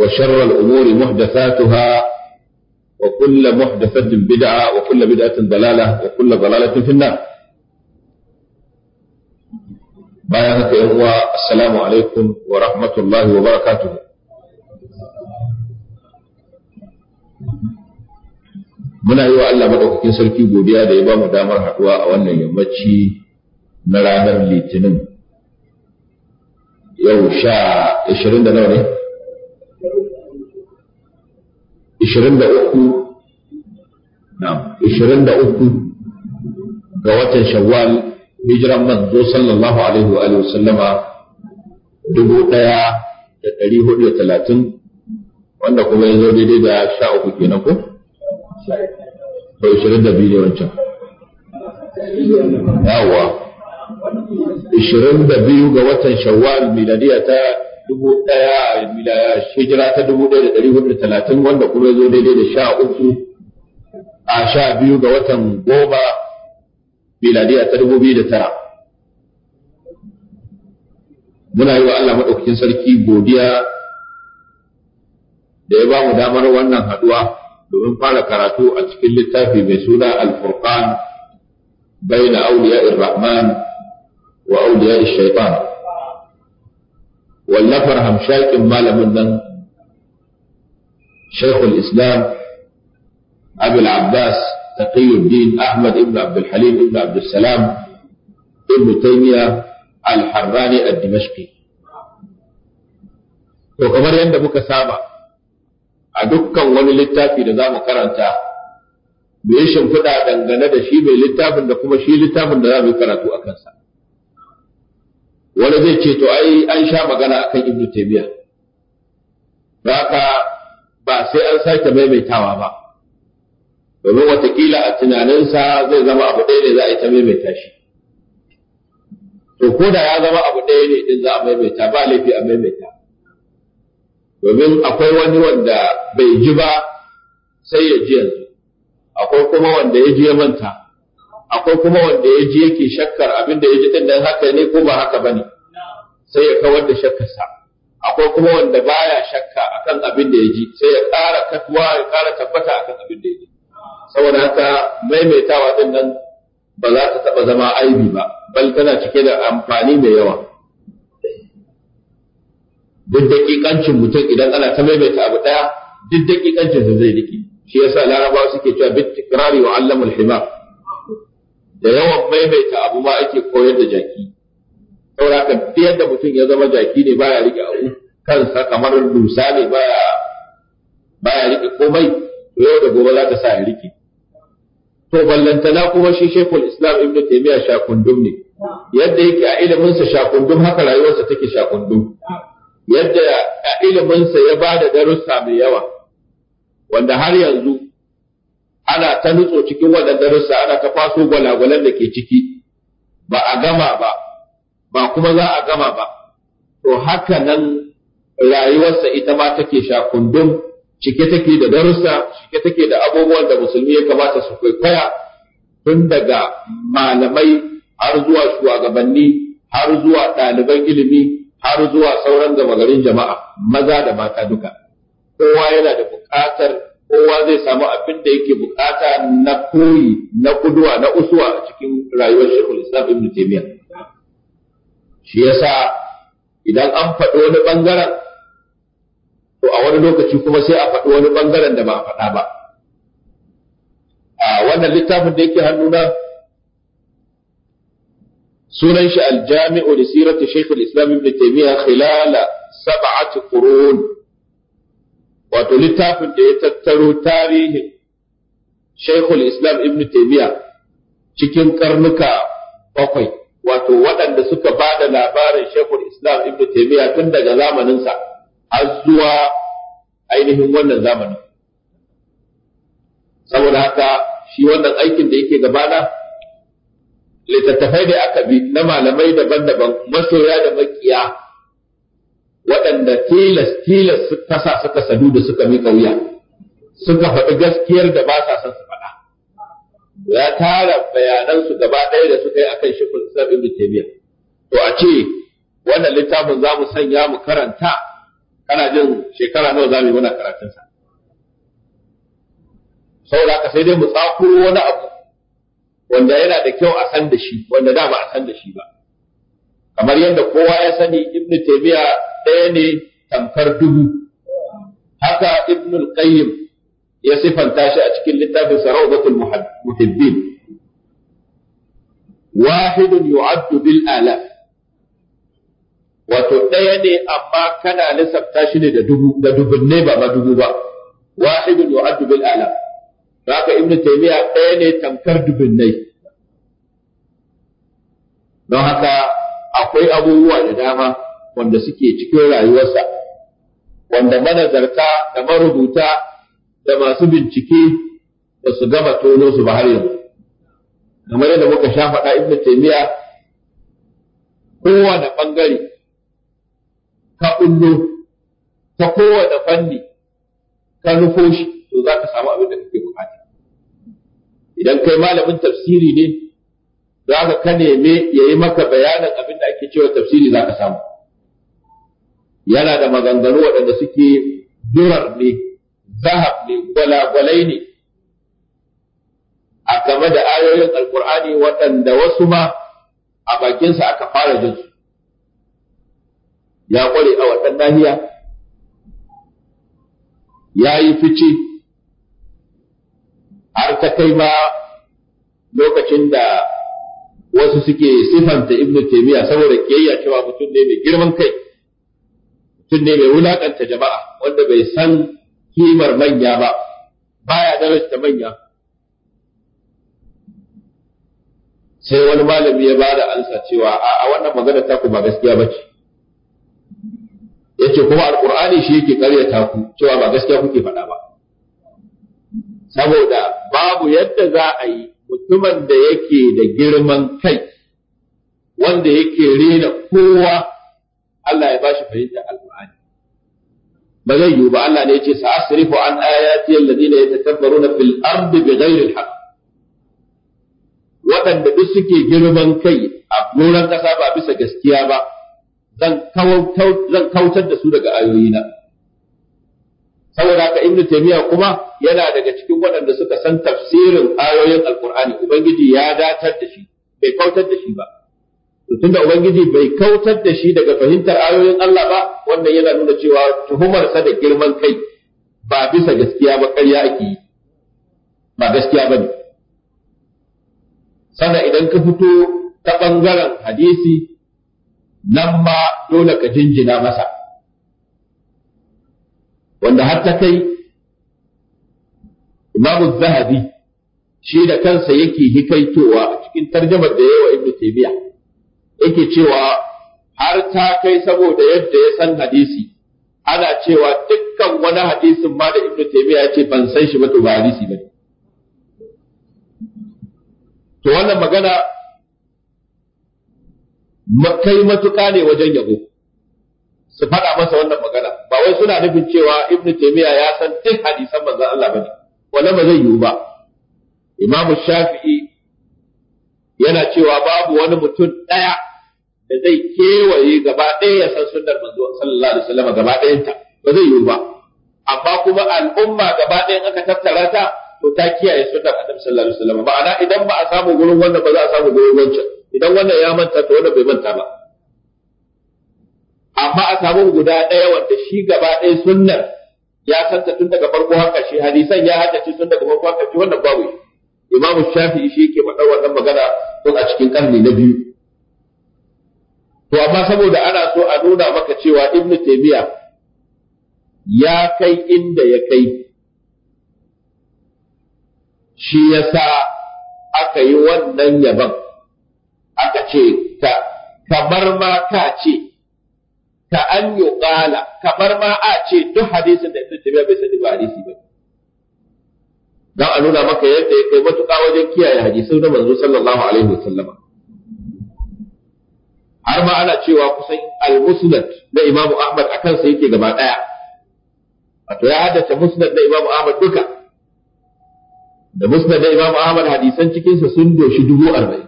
وشر الأمور محدثاتها وكل محدثة بدعة وكل بدعة ضلالة وكل ضلالة في النار بايعك هو السلام عليكم ورحمة الله وبركاته muna yi wa Allah maɗaukakin sarki godiya da ya ba mu damar haɗuwa a wannan yammaci na ranar litinin yau sha ashirin da nawa ne ishirin da uku ishirin da uku ga watan shawwal hijiran manzo sallallahu alaihi wa alihi sallama dubu ɗaya da ɗari hudu da talatin wanda kuma ya zo daidai da sha uku kenan ko? ko ishirin da biyu ne wancan yawa ishirin da biyu ga watan shawwal miladiya ta dubu ɗaya hijira ta dubu ɗaya da ɗari hudu da talatin wanda kuma zo daidai da sha uku a sha biyu ga watan goma miladiya ta dubu biyu da tara. Muna yi wa Allah maɗaukakin sarki godiya da ya ba mu damar wannan haɗuwa domin fara karatu a cikin littafi mai suna Al-Furqan bayna awliya'ir Rahman wa awliya'ir Shaitan. wallafar hamshakin malamin nan shaykhul islam abul abbas taqiyuddin ahmad ibn abdul halim ibn abdul salam ibn taymiya al-harrani ad-dimashqi to kamar yadda muka saba a dukkan wani littafi da za mu karanta mu yi shimfiɗa dangane da shi mai littafin da kuma shi littafin da za mu yi karatu a kansa wani zai ce to ai an sha magana akan ibnu taymiya haka ba sai an sake maimaitawa ba domin watakila a tunaninsa zai zama abu ɗaya ne za a yi ta maimaita shi to ko da ya zama abu ɗaya ne din za a maimaita ba laifi a maimaita domin akwai wani wanda bai ji ba sai ya ji yanzu akwai kuma wanda ya ji ya manta akwai kuma wanda ya ji yake shakkar abin da ya ji din haka ne ko ba haka bane sai ya kawar da shakkarsa akwai kuma wanda baya shakka akan abin da ya ji sai ya ƙara katuwa ya ƙara tabbata akan abin da ya ji saboda haka maimaitawa din nan ba za ta taɓa zama aibi ba bal tana cike da amfani mai yawa duk dakikancin mutum idan ana ta maimaita abu ɗaya duk dakikancin sa zai diki shi yasa larabawa suke cewa bit tikrari wa allamul himam da yawan maimaita abu ba ake koyar da jaki saboda ka da mutum ya zama jaki ne baya rike abu kansa kamar dusa ne baya baya rike komai yau da gobe za ta sa ya rike to ballantana kuma shi shekul islam ibn taymiya shakundum ne yadda yake a iliminsa shakundum haka rayuwarsa take shakundum yadda a iliminsa ya ba da darussa mai yawa wanda har yanzu ana ta nutso cikin waɗanda darussa ana ta kwaso gwalagwalan da ke ciki ba a gama ba ba kuma za a gama ba to haka nan rayuwarsa ita ma take sha kundum, cike take da darussa cike take da abubuwan da musulmi ya kamata su kwaikwaya tun daga malamai har zuwa shugabanni har zuwa ɗaliban ilimi har zuwa sauran gama garin jama'a maza da mata duka kowa yana da buƙatar kowa zai samu abin da yake bukata na koyi na kuduwa na usuwa a cikin rayuwar shekul islam ibn taymiya shi yasa idan an faɗi wani ɓangaren, to a wani lokaci kuma sai a faɗi wani bangaren da ba a faɗa ba a wannan littafin da yake hannuna sunan shi aljami'u da ta shekul islam ibn taymiya khilala sab'ati qurun wato littafin da ya tattaro tarihin Shaikhul Islam Ibn taymiya cikin karnuka bakwai wato waɗanda suka ba da labarin Shaikhul Islam Ibn taymiya tun daga zamaninsa har zuwa ainihin wannan zamanin saboda haka shi wannan aikin da yake gabana littattafai da aka bi na malamai daban-daban masoya da makiya waɗanda tilas tilas ta sa suka sadu da suka miƙa wuya suka faɗi gaskiyar da ba sa son su faɗa ya tara bayanan su gaba ɗaya da suka yi akan shifin sabin ibn to a ce wannan littafin za mu sanya mu karanta kana jin shekara nawa za mu yi muna karatun sa saboda aka sai dai mu tsakuro wani abu wanda yana da kyau a san da shi wanda da ba a san da shi ba kamar yadda kowa ya sani ibnu taymiya ɗaya ne tamkar dubu haka al qayyim ya sifanta shi a cikin littafin saraudatul muhibbin wahidun yu'addu bil ala wato ɗaya ne amma kana lissafta shi ne da dubu da dubunne ba ba dubu ba wahidun yu'addu bil ala haka ibnu taymiya ɗaya ne tamkar ne. don haka akwai abubuwa da dama wanda suke cikin rayuwarsa wanda manazarta da marubuta da masu bincike ba su gama tono su ba har yanzu kamar yadda muka sha faɗa ibn taymiya kowane ɓangare ka ullo ta kowane fanni ka nufo shi to za ka samu abin da kake bukata idan kai malamin tafsiri ne za ka ka neme ya yi maka bayanin abin da ake cewa tafsiri za ka samu yana da maganganu waɗanda suke durar ne zahab ne gwalagwalai ne a game da ayoyin alkur'ani waɗanda wasu ma a bakinsa aka fara jin su ya ƙware a waɗannan nahiya ya yi fice har ta kai ma lokacin da wasu suke sifanta ibnu taimiyya saboda kiyayya cewa mutum ne mai girman kai Tun ne mai wulaƙanta jama'a wanda bai san kimar manya ba baya darasta manya sai wani malami ya bada ansa cewa a wannan magana ta ku ba gaskiya ba ce yace kuma Alƙur'ani shi yake karyata ku cewa ba gaskiya kuke faɗa ba saboda babu yadda za a yi mutumin da yake da girman kai wanda yake rena kowa Allah ya bashi fahimtar alqur'ani ba zai yiwu ba Allah ne ya ce sa'asrifu an ayati alladhina yatakabbaruna fil ardi bighairi alhaq waɗanda duk suke girman kai a doron ƙasa ba bisa gaskiya ba zan kautar da su daga ayoyina saboda aka ibnu taymiya kuma yana daga cikin waɗanda suka san tafsirin ayoyin alqur'ani ubangiji ya datar da shi bai kautar da shi ba tun da ubangiji bai kautar da shi daga fahimtar ayoyin Allah ba wannan yana nuna cewa tuhumarsa da girman kai ba bisa gaskiya ba ƙarya ake yi ba gaskiya ba ne sannan idan ka fito ta ɓangaren hadisi nan ma dole ka jinjina masa wanda har ta kai imamu zahabi shi da kansa yake hikaitowa a cikin tarjamar da yawa ibnu taymiyyah yake cewa har ta kai saboda yadda ya san hadisi ana cewa dukkan wani hadisin ma da ibnu taymiya yace ban san shi ba to ba hadisi ba to wannan magana makai matuƙa ne wajen yabo su faɗa masa wannan magana ba wai suna nufin cewa ibnu taymiya ya san duk hadisan manzon Allah bane wala ba zai yiwu ba imamu shafi'i yana cewa babu wani mutum ɗaya da zai kewaye gaba ɗaya ya san sunnar manzo sallallahu alaihi wasallam gaba ɗayanta ba zai yiwu ba amma kuma al'umma gaba ɗayan aka tattara ta to ta kiyaye sunnar annabi sallallahu alaihi wasallam ma'ana idan ba a samu gurin wannan ba za a samu gurin wancan idan wannan ya manta to wannan bai manta ba amma a samu guda ɗaya wanda shi gaba ɗaya sunnar ya santa tun daga farko har ƙarshe hadisan ya haddace tun daga farko har ƙarshe wannan babu imamu shafi'i shi yake faɗar wannan magana tun a cikin ƙarni na biyu to amma saboda ana so a nuna maka cewa ibnu taymiya ya kai inda ya kai shi yasa aka yi wannan yaban aka ce ta kamar ma ka ce ta an yi ƙala kamar ma a ce duk hadisin da ibnu taymiya bai sani ba hadisi ba dan a nuna maka yadda ya kai matuƙa wajen kiyaye hadisi na manzo sallallahu alaihi wasallama har ma ana cewa kusan al-musnad na Imam Ahmad akan sa yake gaba daya wato ya haddace musnad na Imam Ahmad duka da musnad na Imam Ahmad hadisan cikin sa sun doshi dubu arba'in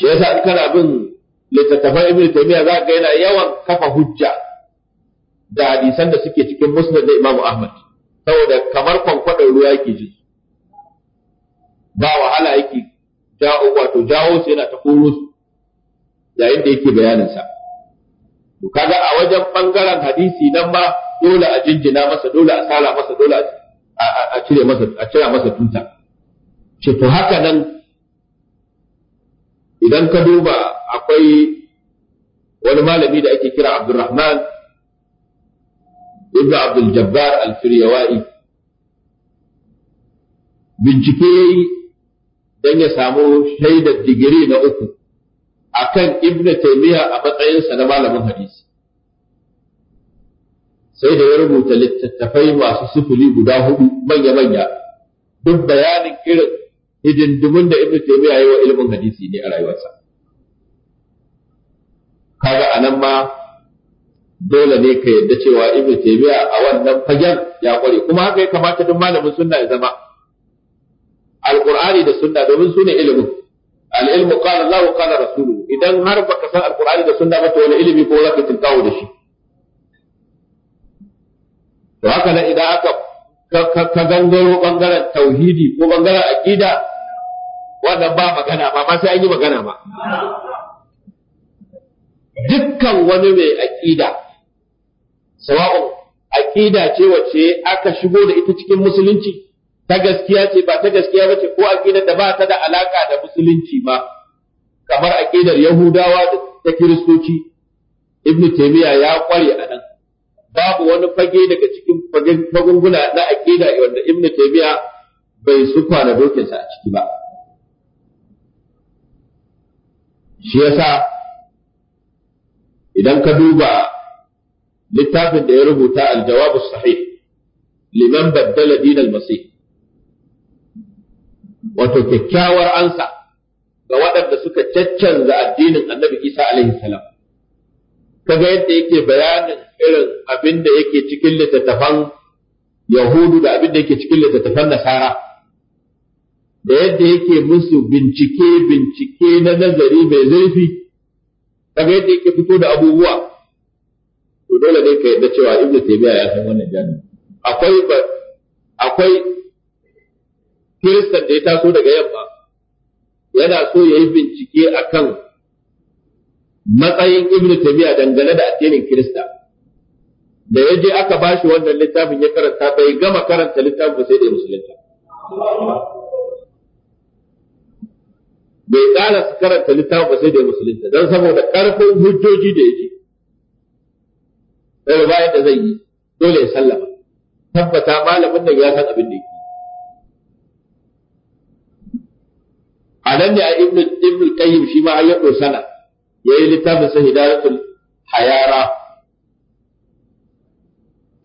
shi yasa in kana bin littattafan Ibn Taymiyyah za ka yana yawan kafa hujja da hadisan da suke cikin musnad na Imam Ahmad saboda kamar kwankwadon ruwa yake ji ba wahala yake wato jawo su yana ta koro su yayin da yake bayanin sa to kaga a wajen bangaren hadisi nan ma dole a jinjina masa dole a sala masa dole a cire masa a cire masa tuta ce to haka nan idan ka duba akwai wani malami da ake kira Abdulrahman ibn Abdul Jabbar al-Firyawai bincike dan ya samu shaidar digiri na uku akan ibn taimiyya a matsayinsa na malamin hadisi sai da ya rubuta littattafai masu sufuri guda hudu manya-manya duk bayanin irin hidindimun da ibn taimiyya yi wa ilimin hadisi ne a rayuwarsa kaga a nan ma dole ne ka yadda cewa ibn taimiyya a wannan fagen ya kware kuma haka ya kamata duk malamin suna ya zama alqur'ani da sunna domin sune ilimin al'ilmu ilm qala Allah wa qala rasuluhu idan har baka san alqur'ani da sunna ba to wani ilimi ko zaka tinkawo da shi to haka nan idan aka ka gangaro bangaren tauhidi ko bangaren aqida wannan ba magana ba ma sai an yi magana ba dukkan wani mai aqida sawa'un aqida ce wacce aka shigo da ita cikin musulunci ta gaskiya ce ba ta gaskiya ba ce ko aƙidar da ba ta da alaƙa da musulunci ba kamar aƙidar yahudawa da ta kiristoci ibnu taymiya ya kware a nan babu wani fage daga cikin fagunguna na aƙida wanda ibnu taymiya bai sufa da dokinsa a ciki ba shi yasa idan ka duba littafin da ya rubuta aljawabu sahih liman baddala dinal masih wato kyakkyawar ansa ga waɗanda suka caccanza addinin annabi Isa alaihi salam kaga yadda yake bayanin irin abin da yake cikin littattafan Yahudu da abin da yake cikin littattafan Nasara da yadda yake musu bincike bincike na nazari mai zurfi kaga yadda yake fito da abubuwa to dole ne ka yadda cewa ibnu taymiya ya san wannan jami'a akwai akwai kiristan da ya taso daga yamma yana so ya yi bincike a kan matsayin ibn tabiya dangane da addinin kirista da ya je aka ba shi wannan littafin ya karanta bai gama karanta littafin sai da musulunta bai ƙara karanta littafin ba sai da musulunta don saboda ƙarfin hujjoji da yake ɗaya bayan da zai yi dole ya sallama tabbata malamin nan ya san abin da yake a nan ne a ibnul qayyim shi ma ya sana yayi littafin sa hidayatul hayara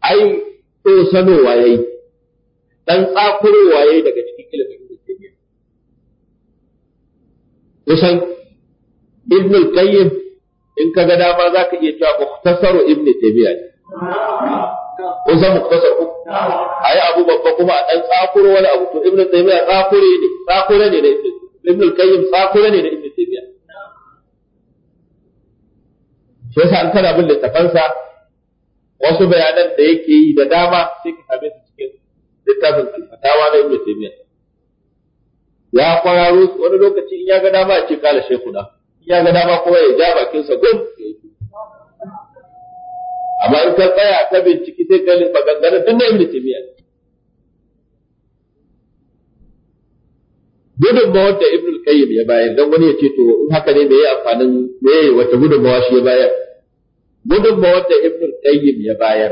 ai ɗosanowa sano waye ɗan tsakurowa waye daga cikin ilimin Ibn Taymiyyah. Kusan ibnul Qayyim in ka ga dama za ka iya cewa muktasaru Ibn tabiya ne. Kusan muktasar ku, a yi abu babba kuma a ɗan tsakuro wani abu, to Ibn tabiya tsakure ne, tsakure ne na Ibn ibn al-qayyim fakura ne da ibn taymiya shi yasa an kada bin littafansa wasu bayanan da yake yi da dama sai ka same su cikin littafin al-fatawa na ibn taymiya ya kwararo su wani lokaci in ya ga dama a ce kala shekuna in ya ga dama kuma ya ja bakinsa gum amma in ka tsaya ka binciki sai ka maganganun tun na ibn taymiya ne gudunmawar da ibn qayyim ya bayar dan wani ya ce to in haka ne yayi amfanin yayi wata gudunmawa shi ya bayar gudunmawar da ibn qayyim ya bayar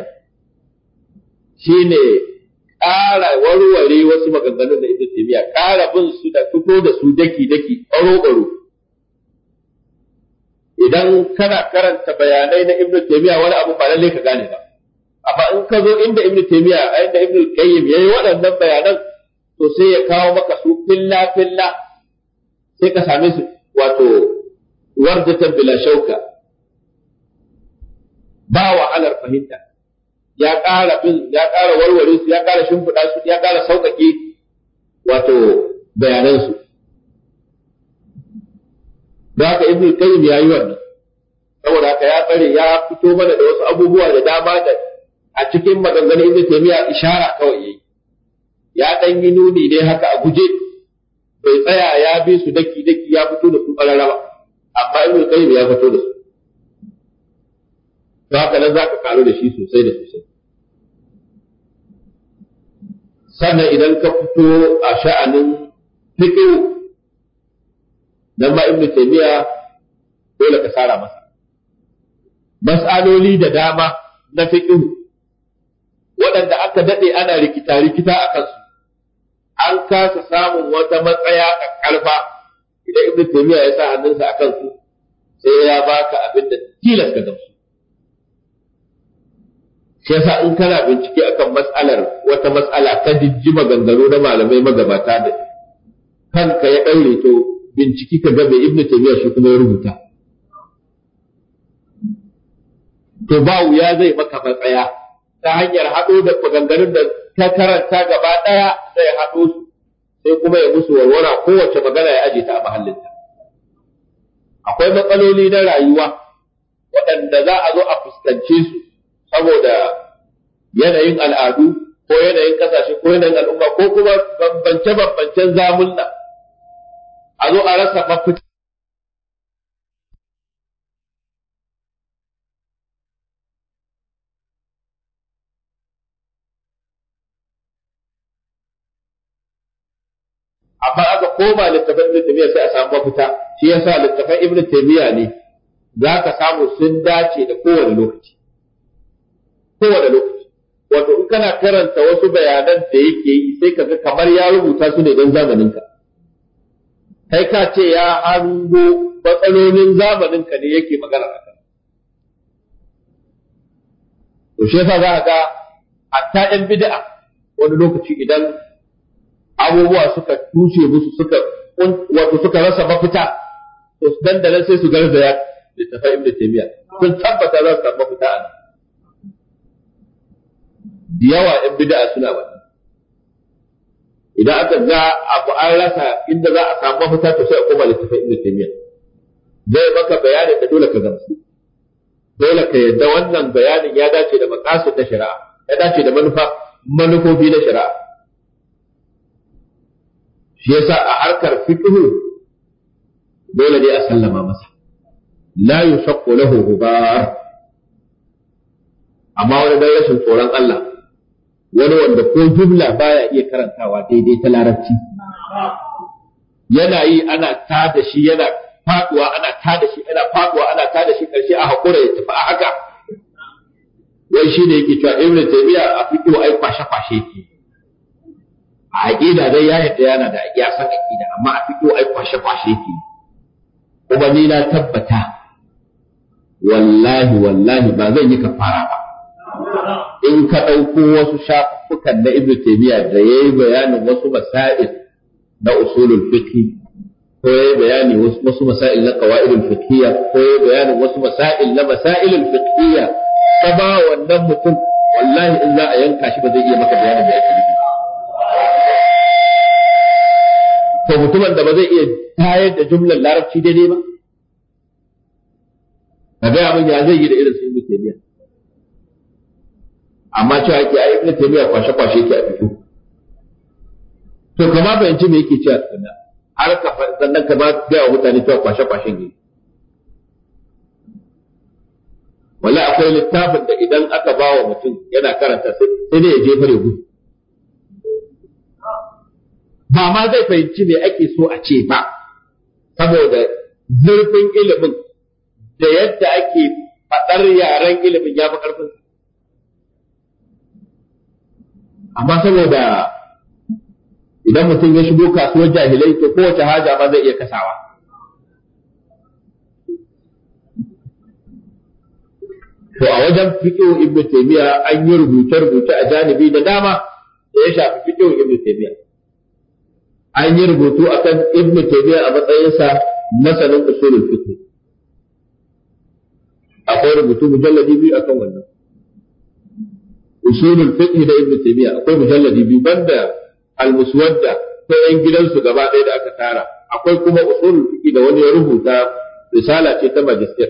shine ƙara warware wasu maganganun da ibn taymiya ƙara bin su da fito da su daki daki baro-baro. idan kana karanta bayanai na ibn taymiya wani abu ba lalle ka gane ba amma in ka zo inda ibn taymiya inda ibn qayyim yayi waɗannan bayanan to sai ya kawo maka su filla filla sai ka same su wato wardatan bila shauka ba wahalar fahimta ya ƙara bin ya ƙara warware su ya ƙara shimfiɗa su ya ƙara sauƙaƙe wato su da haka ibn qayyim ya yi wannan saboda haka ya tsare ya fito mana da wasu abubuwa da dama da a cikin maganganun ibn taymiya ishara kawai yayi ya ɗan yi nuni ne haka a guje bai tsaya ya bi su daki daki ya fito da su ƙarara ba amma ibn qayyim ya fito da su to haka nan zaka karu da shi sosai da sosai sannan idan ka fito a sha'anin fiqh dan ma ibn taymiya dole ka sara masa mas'aloli da dama na fiqh waɗanda aka daɗe ana rikita-rikita a kansu an kasa samun wata matsaya a ƙarfa idan ibn taymiya ya sa hannunsa a kansu sai ya baka abin da tilas ka gamsu shi yasa in kana bincike akan matsalar wata matsala ta jijji maganganu na malamai magabata da kanka ya ɗaure to binciki ka gabe mai ibnu taymiya shi kuma ya rubuta to ba wuya zai maka matsaya ta hanyar haɗo da maganganun da ta karanta gaba ɗaya zai haɗo su sai kuma ya musu warwara kowace magana ya ajiye ta a mahallinta. Akwai matsaloli na rayuwa waɗanda za a zo a fuskance su saboda yanayin al'adu ko yanayin ƙasashe ko yanayin al'umma ko kuma bambance-bambancen zamunna a zo a rasa mafita. amma aka koma littafin ibn taymiya sai a samu mafita shi yasa littafin ibn taymiya ne za ka samu sun dace da kowane lokaci kowane lokaci wato in kana karanta wasu bayanan da yake yi sai ka ga kamar ya rubuta su ne don zamaninka kai ka ce ya hango matsalolin zamaninka ne yake magana kan to shi yasa za ka ga hatta 'yan bid'a wani lokaci idan abubuwa suka tushe musu suka wato suka rasa mafita to dan da sai su garzaya littafin ibnu taymiya sun tabbata za su samu mafita a nan yawa yan bid'a suna ba idan aka ga abu an rasa inda za a samu mafita to sai a koma littafin ibnu taymiya zai maka bayani da dole ka gamsu dole ka yadda wannan bayanin ya dace da makasin na shari'a ya dace da manufa manufofi na shari'a shi yasa a harkar fiqhu dole ne a sallama masa la yushaqqu lahu gubar amma wani dan rashin tsoron Allah wani wanda ko jumla baya iya karantawa daidai ta larabci yana yi ana tada shi yana faduwa ana tada shi yana faduwa ana tada shi karshe a hakura ya tafi a haka wai shi ne yake cewa ibnu taymiya a fiqhu ai kwashe kwashe ke a aƙida zai ya da yana da ya san aƙida amma a fito ai kwashe kwashe ke kuma ni na tabbata wallahi wallahi ba zan yi ka fara ba in ka ɗauko wasu shafukan na ibnu taymiya da yayi bayanin wasu masail na usulul fiqh ko yayi bayani wasu masail na qawaidul fiqhiyya ko yayi bayanin wasu masail na masailul fiqhiyya ka ba wannan mutum wallahi in za a yanka shi ba zai iya maka bayanin da yake to mutumin da ba zai iya tayar da jumlar larabci daidai ba ka gaya min ya zai yi da irin su yi taymiya amma cewa a ai ibnu taymiya kwashe kwashe ke a fito to kama fahimci me yake a tsana har ka sannan ka ba ga wa mutane cewa kwashe kwashe ne wala akwai littafin da idan aka ba wa mutum yana karanta sai ne ya jefa da gudu ba ma zai fahimci me ake so a ce ba saboda zurfin ilimin da yadda ake faɗar yaren ilimin ya fi ƙarfin amma saboda idan mutum ya shigo kasuwar jahilai to kowace haja ma zai iya kasawa to a wajen fito ibn taymiya an yi rubuce-rubuce a janibi da dama da ya shafi fito ibn taymiya an yi rubutu akan ibnu tabiya a matsayinsa masanin usulul fiqh akwai rubutu mujalladi biyu akan wannan usulul fiqh da ibnu tabiya akwai mujalladi biyu banda al-muswadda ko yan gidansu gaba ɗaya da aka tara akwai kuma usulul fiqh da wani ya rubuta risala ce ta magister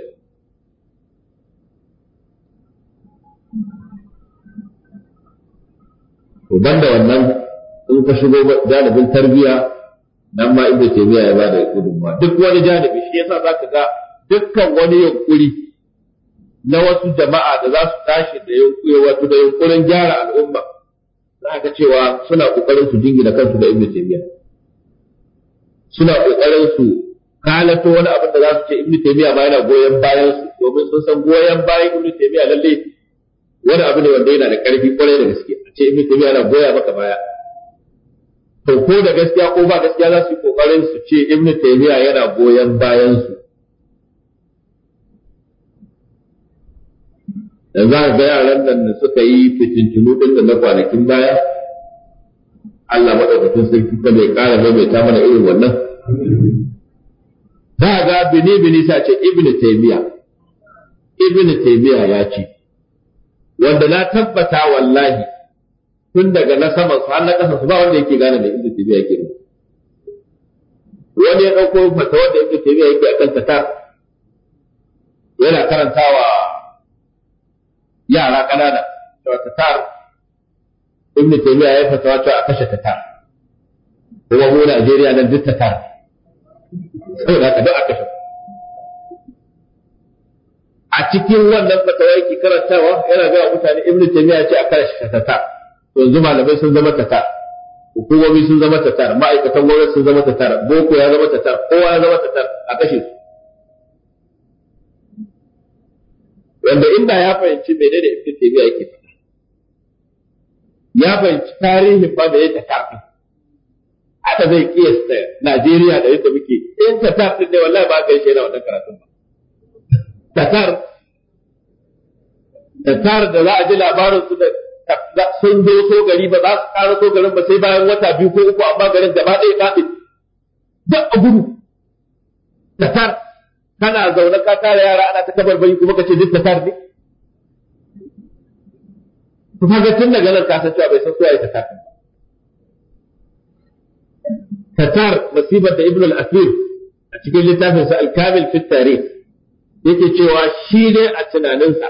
to banda wannan in ka shigo janibin tarbiyya nan ma ibnu taymiya ya da gudunmuwa duk wani janibi shi yasa ka ga dukkan wani yunkuri na wasu jama'a da za su tashi da yunkuri wato da yunkurin gyara al'umma za ka cewa suna kokarin su jingina kansu da ibnu taymiya suna kokarin su kalato wani abin da za su ce ibnu taymiya ma yana goyon bayan su domin sun san goyon bayan ibnu taymiya lalle wani abu ne wanda yana da karfi kwarai da gaske a ce ibnu taymiya yana goya maka baya to ko da gaskiya ko ba gaskiya za su yi kokarin su ce ibnu taymiya yana goyon bayan su da za ga yaran nan da suka yi fitintunu din da na kwanakin baya Allah madaukakin sarki ka bai kara maimaita mana irin wannan za ga bini bini sa ce ibnu taymiya ibnu taymiya ya ce wanda na tabbata wallahi tun daga na sama su har na ƙasa su ba wanda yake gane mai inda tabiya yake wani ya ɗauko mata wanda ibnu tabiya yake a akan tatar yana karantawa yara ƙanana cewa tatar ibnu tabiya ya fatawa cewa a kashe tatar kuma mu Najeriya nan duk tatar da ka duk a kashe a cikin wannan fatawa yake karantawa yana ga mutane ibnu tabiya ce a kashe tatar yanzu malamai sun zama tatar hukumomi sun zama tatar ma'aikatan gwamnati sun zama tatar boko ya zama tatar kowa ya zama tatar a kashe su wanda inda ya fahimci menene ibn taymiya yake faɗa ya fahimci tarihin ba da tatar tafi haka zai kiyasta Najeriya da yadda muke in tatar din ne wallahi ba ka yi shaida wannan karatun ba tatar tatar da za a ji labarin su da sun zo ko gari ba za su ƙara ko garin ba sai bayan wata biyu ko uku amma garin gaba ɗaya faɗi duk a gudu Tatar tar kana zaune ka tara yara ana ta kabar bayi kuma ka ce duk Tatar tar ne kuma ga tun daga nan ka san cewa bai san kowa ya ta tatar masibar da ibn al-asir a cikin littafinsa al-kamil fi tarikh yake cewa shi ne a tunaninsa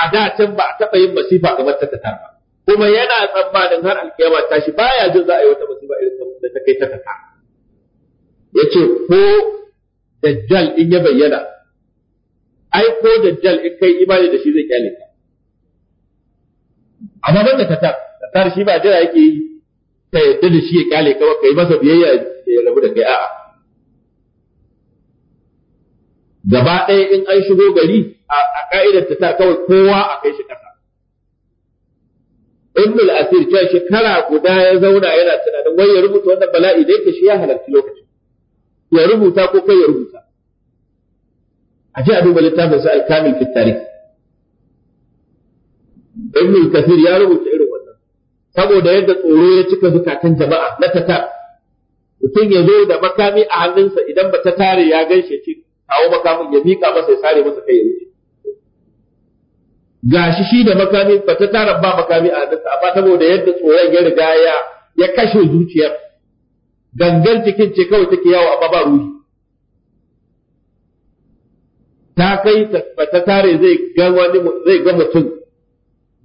a da can ba a taɓa yin masifa kamar ta tatar ba kuma yana tsammanin har alkiyama ta shi baya jin za a yi wata musiba irin da ta kai ta Ya ce ko dajjal in ya bayyana ai ko dajjal in kai imani da shi zai kyale ka amma banda katar katar shi ba jira yake yi ka yadda da shi ya kyale ka yi masa biyayya ya rabu da kai a'a gaba ɗaya in an shigo gari a ka'idar ta kawai kowa a kai shi kasa ibn al-asir cewa shekara guda ya zauna yana tunanin wai ya rubuta wannan bala'i da yake shi ya halarci lokacin ya rubuta ko kai ya rubuta a ji a duba littafin sa al-kamil fi tarihi ibn al-kathir ya rubuta irin wannan saboda yadda tsoro ya cika zukatan jama'a na tata mutum ya zo da makami a hannunsa idan ba ta tare ya ganshe ce kawo makamin ya mika masa ya sare masa kai ya gashi shi da makami ba ta tara ba makami a hannunsa amma saboda yadda tsoron ya riga ya ya kashe zuciyar gangar cikin ce kawai take yawo amma ba ruhi ta kai ba ta tare zai ga zai ga mutum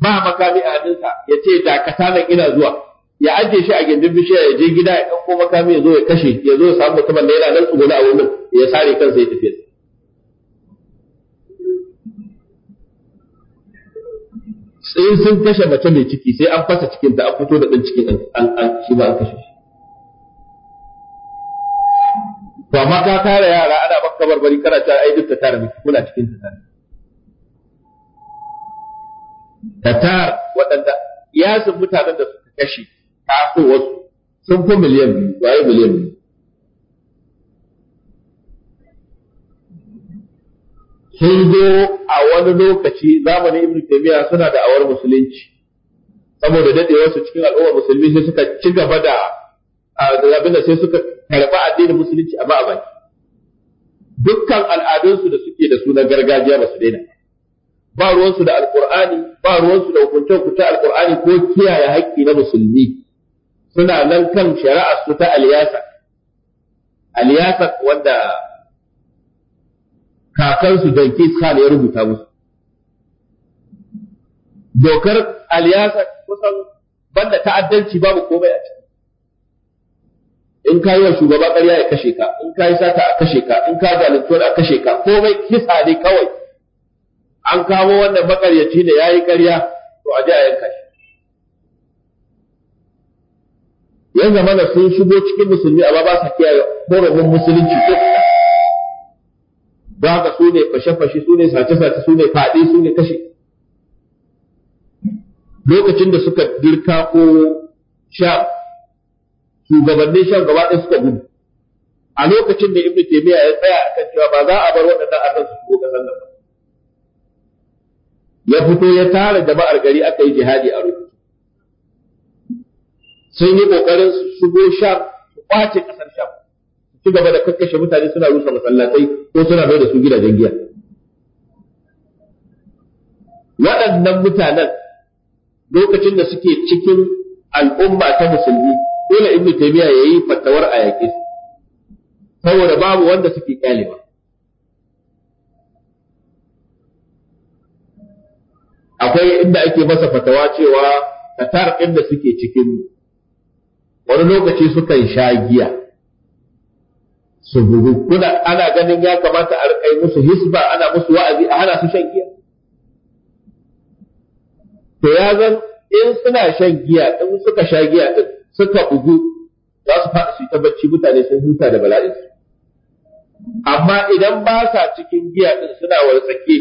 ba makami a hannunsa ya ce da kasalan ina zuwa ya ajiye shi a gindin bishiya ya je gida ya ɗauko makami ya zo ya kashe ya zo ya samu mutumin da yana nan tsuguna a wurin ya sare kansa ya tafi sai sun kashe mace mai ciki sai an fasa cikin da an fito da ɗan cikin an an shi ba an kashe shi to amma ka tara yara ana maka barbari kana ta ai duk ta tara miki kuna cikin ta tara ta tara waɗanda ya sun mutanen da suka kashe kafin wasu sun fi miliyan biyu waye miliyan biyu sun zo a wani lokaci zamanin ibn taymiya suna da awar musulunci saboda dadewar su cikin al'ummar musulmi sai suka ci gaba da al'adun da sai suka karba addinin musulunci a ba'a baki dukkan al'adunsu da suke da sunan gargajiya ba su daina ba ruwansu da alqur'ani ba ruwansu da hukunce ta alqur'ani ko kiyaye haƙƙi na musulmi suna nan kan shari'a su ta aliyasa aliyasa wanda kakansu don ke sani ya rubuta musu dokar aliyasa kusan banda ta'addanci babu komai a ciki in ka yi wa shugaba ƙarya ya kashe ka in ka yi sata a kashe ka in ka zalunci a kashe ka komai kisa ne kawai an kamo wannan makaryaci da ya yi ƙarya to a ji a yanka shi Yanzu mana sun shigo cikin musulmi amma ba sa kiyaye horomin musulunci ko baka su ne fashe-fashe su ne sace-sace su ne faɗi su ne kashe lokacin da suka dirka ko sha shugabannin shan gaba ɗaya suka gudu a lokacin da ibnu taymiya ya tsaya akan cewa ba za a bar waɗannan kan su ko ga nan ba ya fito ya tara jama'ar gari aka yi jihadi a rubutu sun yi ƙoƙarin su shigo sha su ƙwace ƙasar sham ci gaba da kakkashe mutane suna rusa masallatai ko suna mai da su gidajen giya waɗannan mutanen lokacin da suke cikin al'umma ta musulmi dole ibnu ya yi fattawar a yaƙe saboda babu wanda suke ƙyale ba. akwai inda ake masa fatawa cewa katar inda suke cikin wani lokaci sukan sha giya su gudu kuna ana ganin ya kamata a rikai musu hisba ana musu wa'azi a hana su shan giya to ya zan in suna shan giya in suka sha giya din suka bugu za su faɗi su yi ta bacci mutane sun huta da bala'in su amma idan ba sa cikin giya din suna wartsake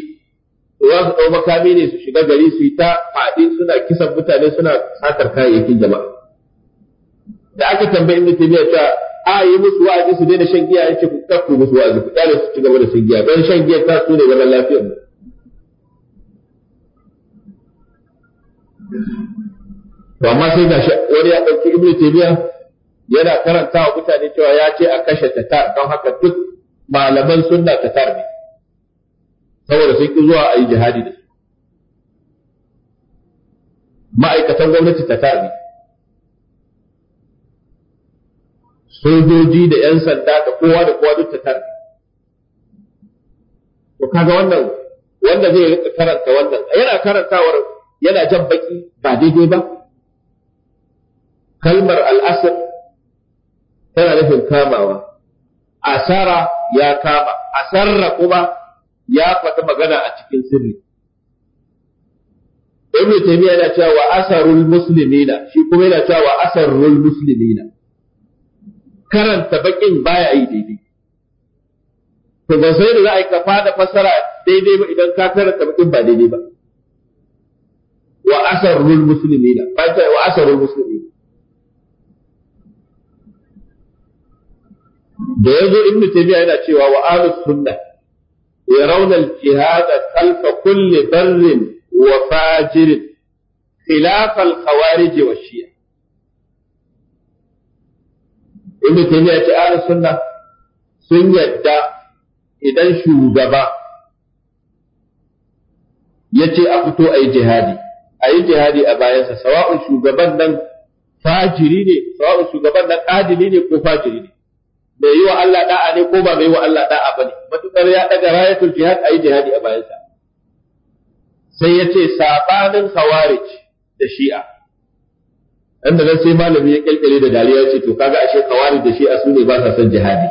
to za su ɗau makami ne su shiga gari su yi ta faɗi suna kisan mutane suna satar kayayyakin jama'a da aka tambayi mutum ya ta a yi musu wa'azi su daina shan giya yake ku kakku musu wa'azi ku tsare su ci gaba da shan giya don shan giya ta su ne zaman lafiyar mu to amma sai gashi wani ya dauki ibnu taymiya yana karanta wa mutane cewa ya ce a kashe tatar don haka duk malaman sunna tar ne saboda sun ki zuwa a yi jihadi da su ma'aikatan gwamnati tar ne sojoji da 'yan sanda da kowa da kowa duk ta tare to kaga wannan wanda zai rika karanta wannan yana karantawar yana jan baki ba daidai ba kalmar al'asar tana nufin kamawa asara ya kama asarra kuma ya fata magana a cikin sirri ibnu taymiya yana cewa asarul muslimina shi kuma yana cewa asarul muslimina karanta baƙin baya yi daidai to ba sai da za a yi kafa da fassara daidai ba idan ka karanta baƙin ba daidai ba wa asarul muslimina ba ta wa asarul muslimina da yazo ibnu taymiya yana cewa wa ahlus sunnah yarawna al-jihad khalfa kulli barrin wa fajirin khilaf al shia ibn ya ce ala sunna sun yadda idan shugaba ya ce a fito a yi jihadi a yi jihadi a bayansa sawa'un shugaban nan fajiri ne sawa'un shugaban nan adili ne ko fajiri ne bai yi wa Allah da'a ne ko ba bai yi wa Allah da'a ba ne matukar ya daga rayatul jihad a yi jihadi a bayansa sai ya ce sabanin khawarij da shi'a dan da sai malami ya kalkale da dariya ce to kaga ashe kawari da shi ne ba sa son jihadi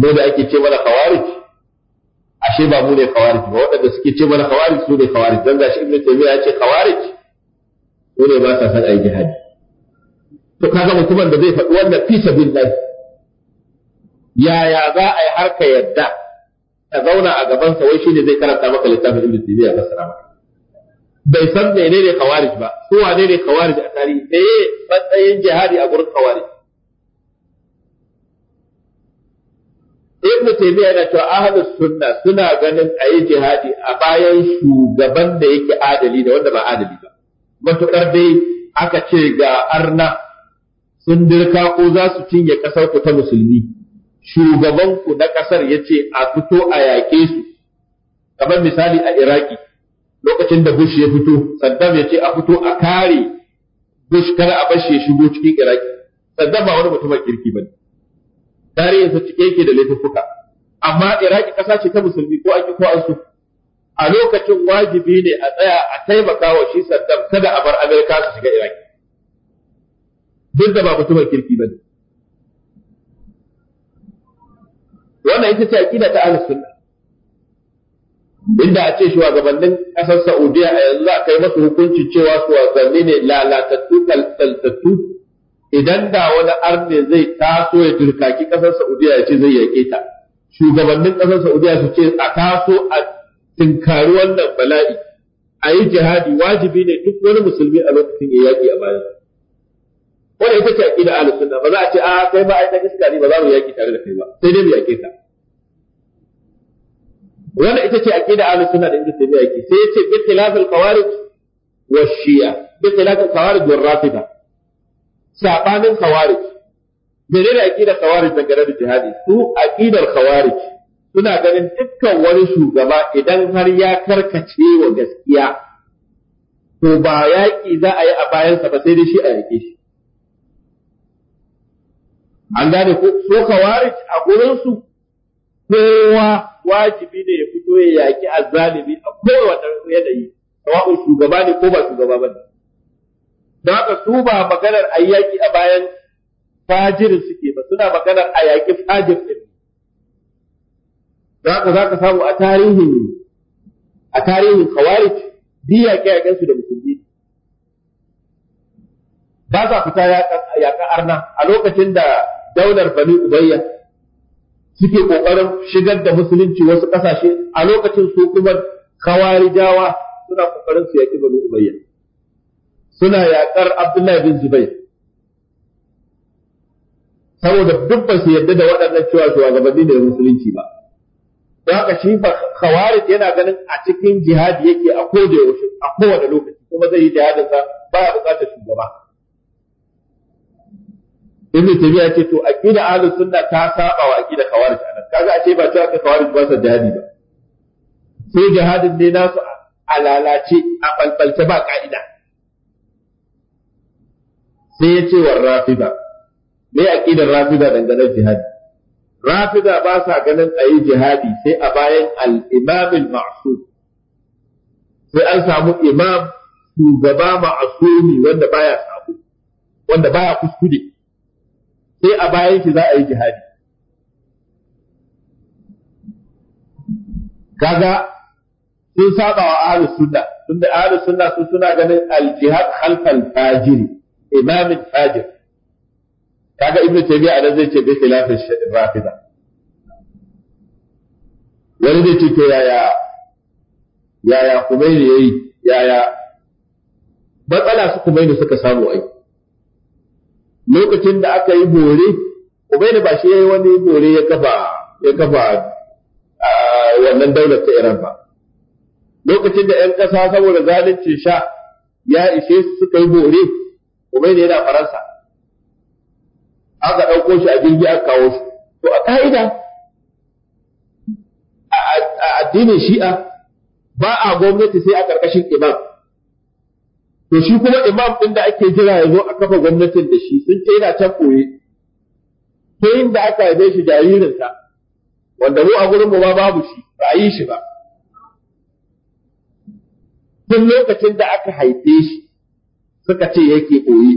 mu da ake ce mana kawari ashe ba mu ne kawari ba waɗanda suke ce mana kawari su ne kawari dan da shi ibnu taymiya ya ce kawari su ne ba sa son ayi jihadi to kaga mutumin da zai faɗi wannan fi sabilillah yaya za a yi har ka yadda ka zauna a gabansa wai shine zai karanta maka littafin ibnu taymiya fasara maka bai san menene kawarij ba ko wane ne kawarij a tarihi meye matsayin jihadi a gurin kawarij ibnu taymiya yana cewa ahlus sunna suna ganin ayi jihadi a bayan shugaban da yake adali da wanda ba adali ba matukar dai aka ce ga arna sun dirka ko za su cinye kasar ku ta musulmi shugaban ku na kasar yace a fito a yaƙe su kamar misali a Iraki lokacin da Bush ya fito Saddam ya ce a fito a kare Bush kar a bashi ya shigo cikin Iraki Saddam ba wani mutumin kirki ba, bane tarihinsa cike yake da laifuka amma Iraki kasa ce ta musulmi ko an ko an so a lokacin wajibi ne a tsaya a taimaka wa shi Saddam kada a bar Amerika su shiga Iraki duk da ba mutumin kirki ne wannan ita ce aqida ta alisunna inda a ce shugabannin ƙasar Saudiya a yanzu za a kai masu hukuncin cewa su shugabanni ne lalatattu kaltattu idan da wani arne zai taso ya turkaki ƙasar Saudiya ya ce zai yaƙe ta shugabannin ƙasar Saudiya su ce a taso a tinkari wannan bala'i a yi jihadi wajibi ne duk wani musulmi a lokacin ya yaƙi a bayan wannan ita ce aqida ahlus sunna ba za a ce a kai ba yi ta iska ne ba za mu yaƙi tare da kai ba sai dai mu yaƙe ta wannan ita ce aqida ahlus sunna da ibnu tabi'a yake sai yace bi al qawarij wa shi'a bi al qawarij wa rafida sabanin qawarij menene aqida qawarij da garar jihadi su aqidar qawarij suna ganin dukkan wani shugaba idan har ya karkace wa gaskiya to ba yaƙi za a yi a bayansa ba sai dai shi a yaƙe shi an gane ko so kawarij a su kowa wajibi ne ya fito ya yaki azzalimi a kowace yanayi sawa'un shugaba ne ko ba shugaba ba ne Da haka su ba maganar ayyaki a bayan fajirin suke ba suna maganar a yaki fajir ɗin za ka za ka samu a tarihin a tarihin kawarit bi yaƙe yaƙen su da musulmi ba za fita yaƙan arna a lokacin da daular bani ubayya suke kokarin shigar da musulunci wasu kasashe a lokacin su kuma kawarijawa suna kokarin su yaki banu umayya suna yakar abdullahi bin zubair saboda duk ba su yadda da waɗannan cewa gabanin da musulunci ba don haka shi ba khawarij yana ganin a cikin jihadi yake a koda yaushe a kowane lokaci kuma zai yi jihadinsa ba ya buƙatar shugaba ibnu tabiya ce to aqida ahli sunna ta saba wa aqida khawarij anan kaga a ce ba ta khawarij ba sa jihadi ba sai jihadin ne nasu a lalace a falfalce ba ka'ida sai ya ce wa rafida me aqidar rafida dangane jihadi rafida ba sa ganin ayi jihadi sai a bayan al-imam al-ma'sum sai an samu imam shugaba ma'asumi wanda baya sabo wanda baya kuskure sai a bayan ki za a yi jihadi kaga sun saba wa ahlu sunna tunda ahlu sunna su suna ganin al-jihad khalfal fajir imam fajir kaga ibnu taymiya da zai ce bi khilafin rafida wani zai ce to yaya yaya kumaini yayi yaya matsala su kumaini suka samu aiki? lokacin da aka yi bore ubaini ba shi yayi wani bore ya kafa ya kafa wannan daular ta Iran ba lokacin da ƴan ƙasa saboda zalunci sha ya ishe su suka yi bore ubaini yana Faransa aka ɗauko shi a jirgi aka kawo shi to a ka'ida a addinin shi'a ba a gwamnati sai a ƙarƙashin imam to shi kuma imam ɗin da ake jira ya zo a kafa gwamnatin da shi sun ce yana can koye ta yin da aka haife shi jaririnsa wanda mu a gurin mu ba babu shi ba a yi shi ba tun lokacin da aka haife shi suka ce yake koye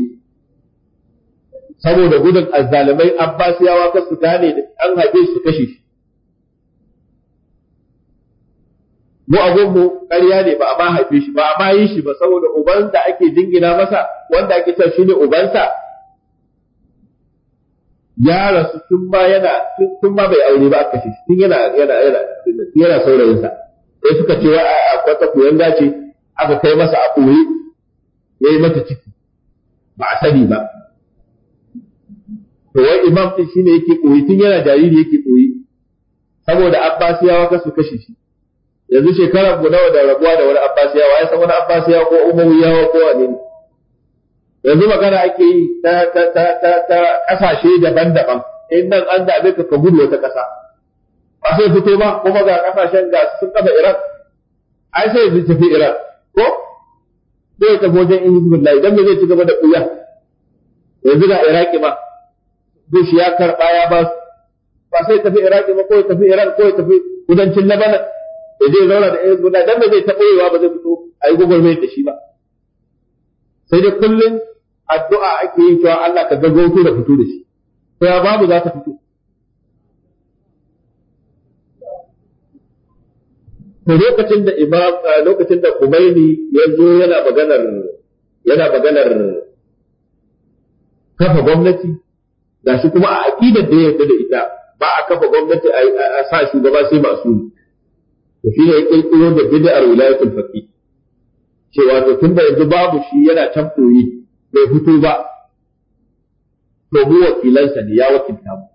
saboda gudun azzalumai abbasiyawa kar su gane da an haife su kashe shi mu agunmu ƙarya ne ba a ma haife shi ba a ma yi shi ba saboda uban da ake jingina masa wanda ake cewa shine ubansa ya rasu tun ma yana tun ba bai aure ba aka shi tun yana yana yana yana saurayin sa sai suka ce a kwata koyan dace aka kai masa a koyi yayi mata ciki ba a sani ba to wai imam din shine yake koyi tun yana jariri yake koyi saboda abbasiyawa kasu kashe shi yanzu shekara mu nawa da rabuwa da wani abbasiyawa ya san wani abbasiyawa ko umawiyawa ko wani yanzu magana ake yi ta ta ta ta ta kasashe daban-daban in nan an da abin ka gudu wata kasa ba sai fito ba kuma ga kasashen da sun kafa Iran ai sai su tafi Iran ko sai ta wajen in billahi dan zai ci gaba da kuya yanzu ga Iraki ba Bush ya karba ya ba ba sai tafi Iraki ba ko tafi Iran ko tafi kudancin Labanan? da zai zauna da ɗan guda dan ba zai taɓa taɓoyewa ba zai fito a yi gwagwarmayar da shi ba sai dai kullum addu'a ake yi cewa Allah ka gaggauto da fito da shi to ya babu za ta fito to lokacin da imam lokacin da Khomeini ya zo yana maganar yana maganar kafa gwamnati gashi kuma a aqidar da ya yarda da ita ba a kafa gwamnati a sa shugaba sai masu to shi ne ya kirkiro da a wilayatul faqih cewa to da yanzu babu shi yana can koyi bai fito ba to mu wakilansa ne ya wakilta mu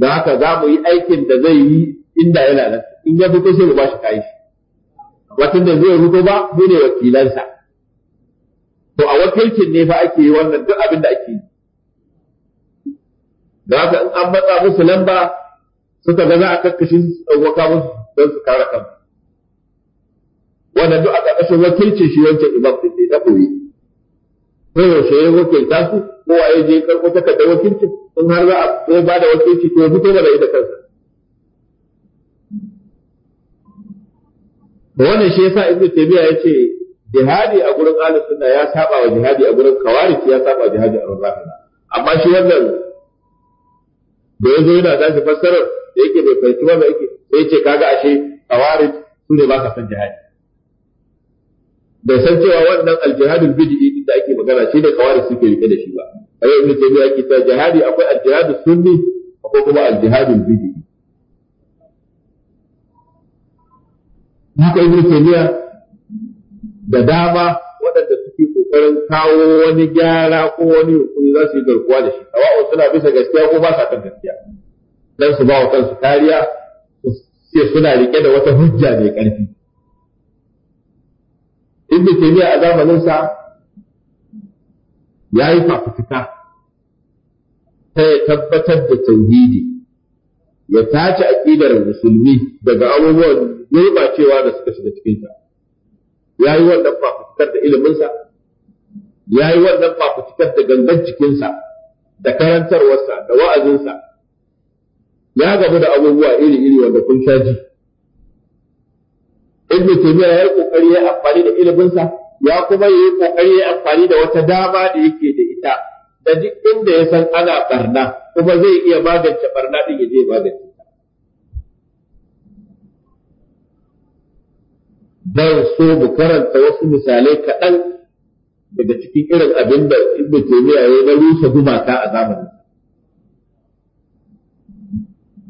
da haka za mu yi aikin da zai yi inda yana lalata in ya fito sai mu ba shi kayi amma tunda zai fito ba mu ne wakilansa to a wakilcin ne fa ake yi wannan duk abin da ake yi da haka in an matsa musu lamba suka ga za a kakkashe su su ɗauka musu don su kare kan wannan duk a ƙarƙashin wakilcin shi wancan imam ɗin ne na ɓoye ko yaushe ya wakilta su ko a je karɓo takardar wakilcin in har za a ko ba da wakilci to fito ba da ita kansa da wannan shi yasa ibnu taymiya yace jihadi a gurin ahlus sunna ya saba wa jihadi a gurin khawarij ya saba jihadi a gurin rafida amma shi wannan da yazo yana da shi fassarar da yake bai fahimci ba yake sai yace kaga ashe kawarid su ne ba ka san jihadi bai san cewa wannan aljihadul bid'i da ake magana shi ne kawarid suke rike da shi ba yau ne jami'a ke ta jihadi akwai aljihadul sunni akwai kuma aljihadul bid'i haka ibn taymiya da dama waɗanda suke kokarin kawo wani gyara ko wani hukumi za su yi garkuwa da shi sawa'u suna bisa gaskiya ko ba sa kan gaskiya don su ba wa kansu kariya sai suna rike da wata hujja mai ƙarfi Inda ke taymiya a zamaninsa ya yi fafutuka ta ya tabbatar da tauhidi ya tace aƙidar musulmi daga abubuwan gurɓacewa da suka shiga cikinta ya yi wannan fafutukar da iliminsa ya yi wannan fafutukar da gangan jikinsa da karantarwarsa da wa'azinsa ya gaba da abubuwa iri-iri wanda kun sha ibn ya yi kokari ya amfani da iliminsa ya kuma yi kokari ya amfani da wata dama da yake da ita da duk inda ya san ana barna kuma zai iya magance barna din ya je magance Zan so mu karanta wasu misalai kaɗan daga cikin irin abin da ibn ya yi na rusa gumaka a zamanin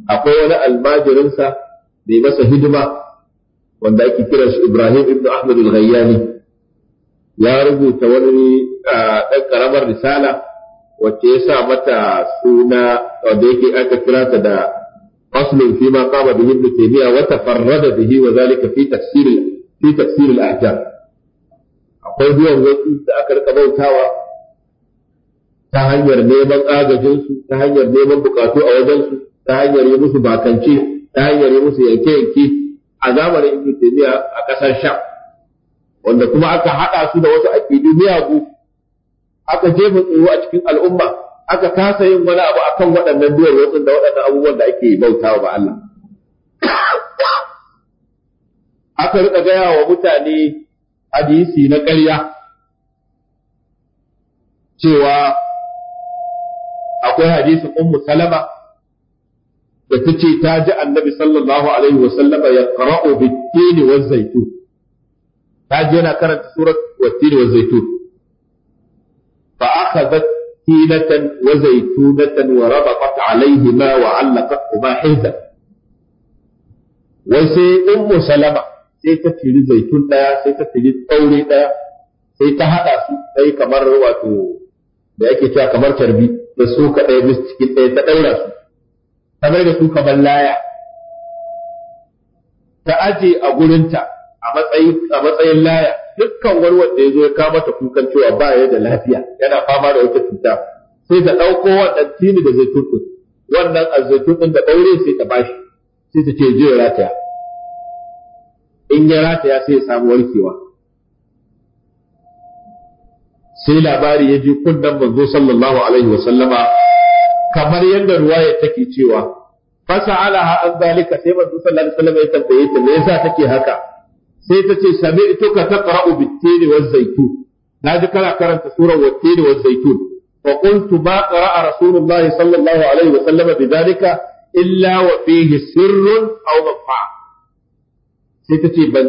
akwai wani almajirinsa mai masa hidima wanda ake kira shi Ibrahim ibn Ahmad al-Ghayyani ya rubuta wani ɗan karamar risala wacce ya sa mata suna wanda yake aka kira ta da faslun fi ma qama bihi ibn taymiya wa tafarrada bihi wa zalika fi tafsir fi tafsir al-ahkam akwai duwan wasu da aka rika bautawa ta hanyar neman agajinsu ta hanyar neman bukatu a wajensu ta hanyar yi musu bakanci, ta hanyar yi musu yanke yanke a zamanin ibnu a kasar sha wanda kuma aka hada su da wasu aqidu miyagu aka jefa tsoro a cikin al'umma aka kasa yin wani abu akan waɗannan biyar wasu da waɗannan abubuwan da ake bautawa wa Allah aka rika gaya wa mutane hadisi na ƙarya cewa akwai hadisin ummu salama da ce ta ji annabi sallallahu alaihi wa sallama ya qara'u bit-tini waz-zaytun ta ji yana karanta surat wat-tini waz-zaytun fa akhadhat tinatan wa zaitunatan wa rabatat alaihima wa kuma hizan wai sai ummu salama sai ta tiri zaitun daya sai ta tiri tsaure daya sai ta hada su sai kamar wato da yake cewa kamar tarbi da su ka daya bis cikin daya ta daura su kamar da kamar laya. ta aje a gurinta a matsayin laya dukkan wani wanda ya zo ya kama ta kukan cewa ba ya da lafiya yana fama da wata cuta sai ta ɗauko wannan tini da zai tukun wannan zai ɗin da ɗaure sai ta bashi sai ta ce je rataya in ya rataya sai ya samu warkewa sai labari ya ji kunnan manzo sallallahu alaihi wa sallama kamar yadda ruwaya take cewa fasa'alaha an zalika sai manzo sallallahu alaihi wasallam ya tambaye ta me yasa take haka sai ta ce sami'tuka taqra'u bit-tini waz-zaytun naji kana karanta surar wat-tini waz-zaytun fa qultu ma qara'a rasulullahi sallallahu alaihi wasallam bidhalika illa wa fihi sirrun aw mafa sai ta ce ban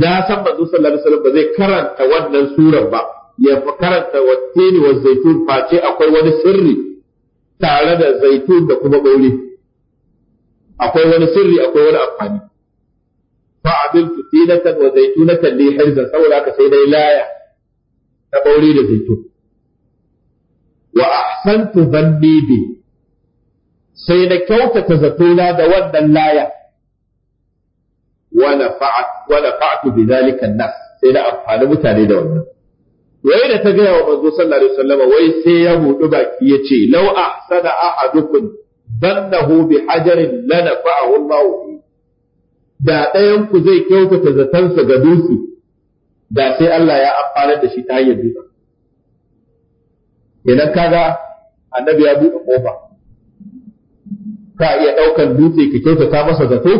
da san manzo sallallahu alaihi wasallam ba zai karanta wannan surar ba ya karanta wat-tini waz-zaytun face akwai wani sirri tare da zaitun da kuma ɓaure akwai wani sirri akwai wani amfani fa abiltu tinatan wa zaitunatan li hirzan saboda haka sai dai laya ta ɓaure da zaitun wa ahsantu dhanni bi sai na kyautata zatona da wannan laya wa nafa'at wa nafa'tu bi dhalika an-nas sai na amfani mutane da wannan wai da ta gaya wa manzo sallallahu alaihi wasallam wai sai ya hudu baki yace law ahsana ahadukum dannahu bi hajarin lanafa'ahu Allah da ɗayan ku zai kyautata sa ga dutse da sai Allah ya amfana da shi ta hanyar dutse idan kaga annabi ya buɗe kofa ka iya ɗaukan dutse ka kyautata masa zato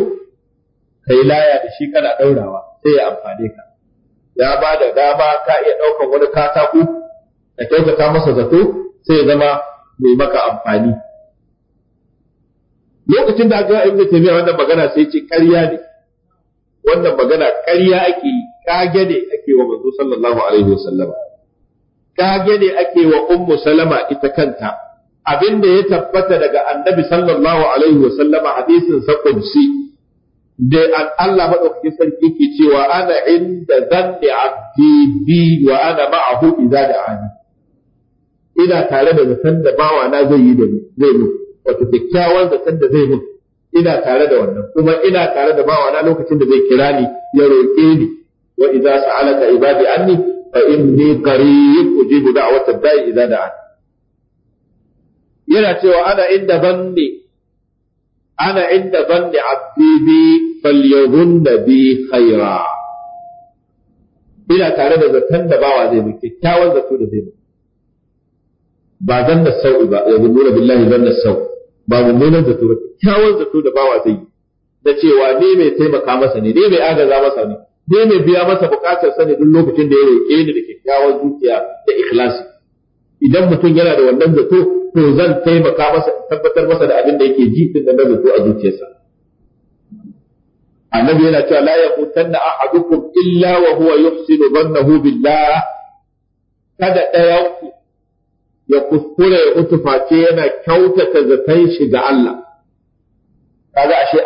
kai laya da shi kana ɗaurawa sai ya amfane ka ya ba da dama ka iya ɗaukan wani katako ka kyautata masa zato sai ya zama mai maka amfani lokacin da aka ta biya wannan magana sai ce ƙarya ne wannan magana ƙarya ake yi ka ne ake wa manzo sallallahu alaihi wasallam. kage ne ake wa ummu salama ita kanta abin da ya tabbata daga annabi sallallahu alaihi wasallama hadisin sa qudsi da Allah madaukakin sarki ke cewa ana inda zanni abdi bi wa ana iza da da'ani ina tare da zaton da bawa na zai yi da ni zai mu wato kyakkyawan zaton da zai mu ina tare da wannan kuma ina tare da bawa na lokacin da zai kira ni ya roƙe ni wa idza sa'alaka ibadi anni fa inni qarib ujibu da'watad da'i idza da'ani yana cewa ana inda zanni ana inda zanni abdi bi falyadhunna bi khaira ina tare da zaton da bawa zai min kyakkyawan zato da zai min ba zanna sau'i ba ya zununa billahi zanna sau'i ba mummunan zato ba kyakkyawan zato da bawa zai yi cewa mai taimaka masa ne ne mai agaza masa ne ne mai biya masa bukatar sa ne duk lokacin da ya roƙe ni da kyakkyawan zuciya da ikhlasi idan mutum yana da wannan zato to zan taimaka masa tabbatar masa da abin da yake ji din da zato a zuciyarsa annabi yana cewa la yaqutanna ahadukum illa wa huwa yuhsinu dhannahu billah kada ɗayan ya kuskure ya utuface yana kyautata zaton shi ga Allah kaga ashe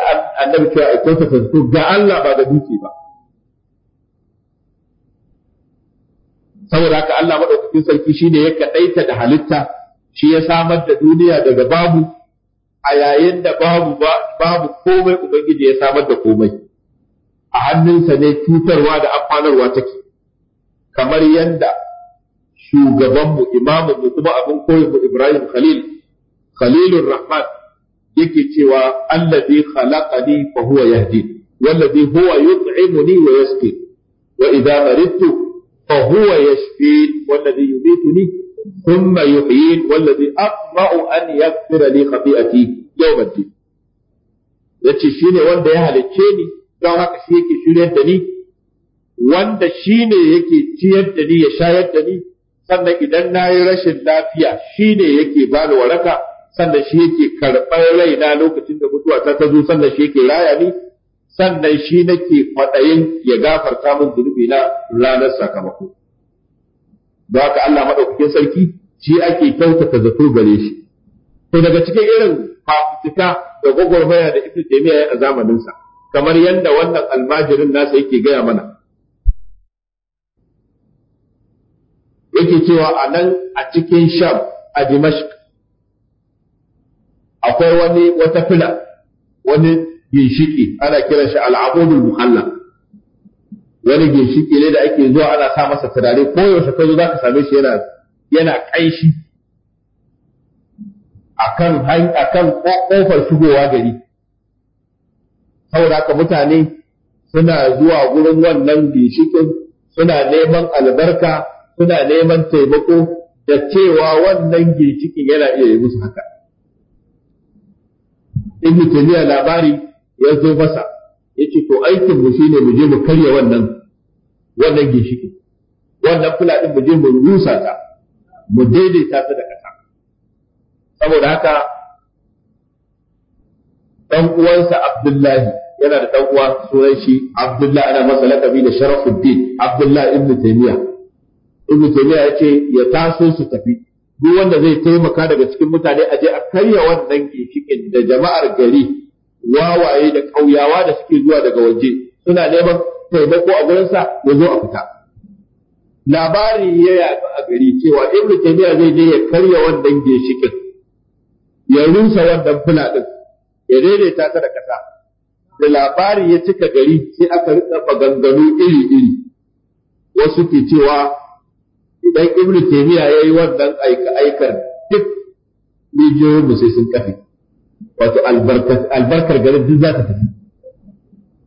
annabi cewa ya kyautata zato ga Allah ba da duki ba saboda haka Allah madaukakin sarki shine ya kadaita da halitta shi ya samar da duniya daga babu a yayin da babu babu komai ubangiji ya samar da komai a hannunsa ne cutarwa da amfanarwa take kamar yadda shugabanmu imamunmu kuma abin koyinmu ibrahim khalil khalilur rahman yake cewa allazi khalaqani fa huwa yahdi wallazi huwa yut'imuni wa yasqi wa idza maridtu fa huwa yashfi wallazi yumituni ثم يحيين والذي أطمع أن يغفر لي خطيئتي يوم الدين yace shi ne wanda ya halicce ni don haka shi yake shiryar da ni wanda shi ne yake ciyar da ni ya shayar da ni sannan idan na yi rashin lafiya shi ne yake ba ni waraka sannan shi yake karɓar raina lokacin da mutuwa ta zo sannan shi yake raya ni sannan shi nake kwaɗayin ya gafarta min zunubi na ranar sakamako Ba haka Allah maɗaukakin sarki shi ake kyautata zato gare shi to daga cikin irin fafutuka da gwagwarmaya da ibnu taymiya a zamanin sa kamar yadda wannan almajirin nasa yake gaya mana yake cewa a nan a cikin sham a dimashq akwai wani wata fila wani ginshiki ana kiran shi al'abudul muhalla wani ginshiki ne da ake zuwa ana sa masa turare ko yaushe ka zo za ka same shi yana yana kaishi akan akan kofar shigowa gari saboda haka mutane suna zuwa gurin wannan ginshikin suna neman albarka suna neman taimako da cewa wannan ginshikin yana iya yi musu haka ibnu taymiya labari ya zo masa yace to aikin mu shine mu je mu karya wannan wannan ginshikin wannan kula din mu je mu rusa ta mu daidaita ta da ƙasa saboda haka dan uwansa Abdullahi yana da dan uwa sunan shi Abdullahi ana masa lakabi da Sharafuddin Abdullahi ibn Taymiya ibn Taymiya yace ya taso su tafi duk wanda zai taimaka daga cikin mutane a je a karya wannan ginshiƙin da jama'ar gari wawaye da ƙauyawa da suke zuwa daga waje suna neman taimako a gurinsa ya zo a fita labari ya yaɗu a gari cewa ibnu taymiya zai je ya karya wannan ginshikin ya rusa wannan fula din ya daidaita ta da kasa da labari ya cika gari sai aka rika maganganu iri iri wasu ke cewa idan ibnu taymiya yayi wannan aika aikar duk rijiyoyin mu sai sun kafe wato albarkar garin duk za ta tafi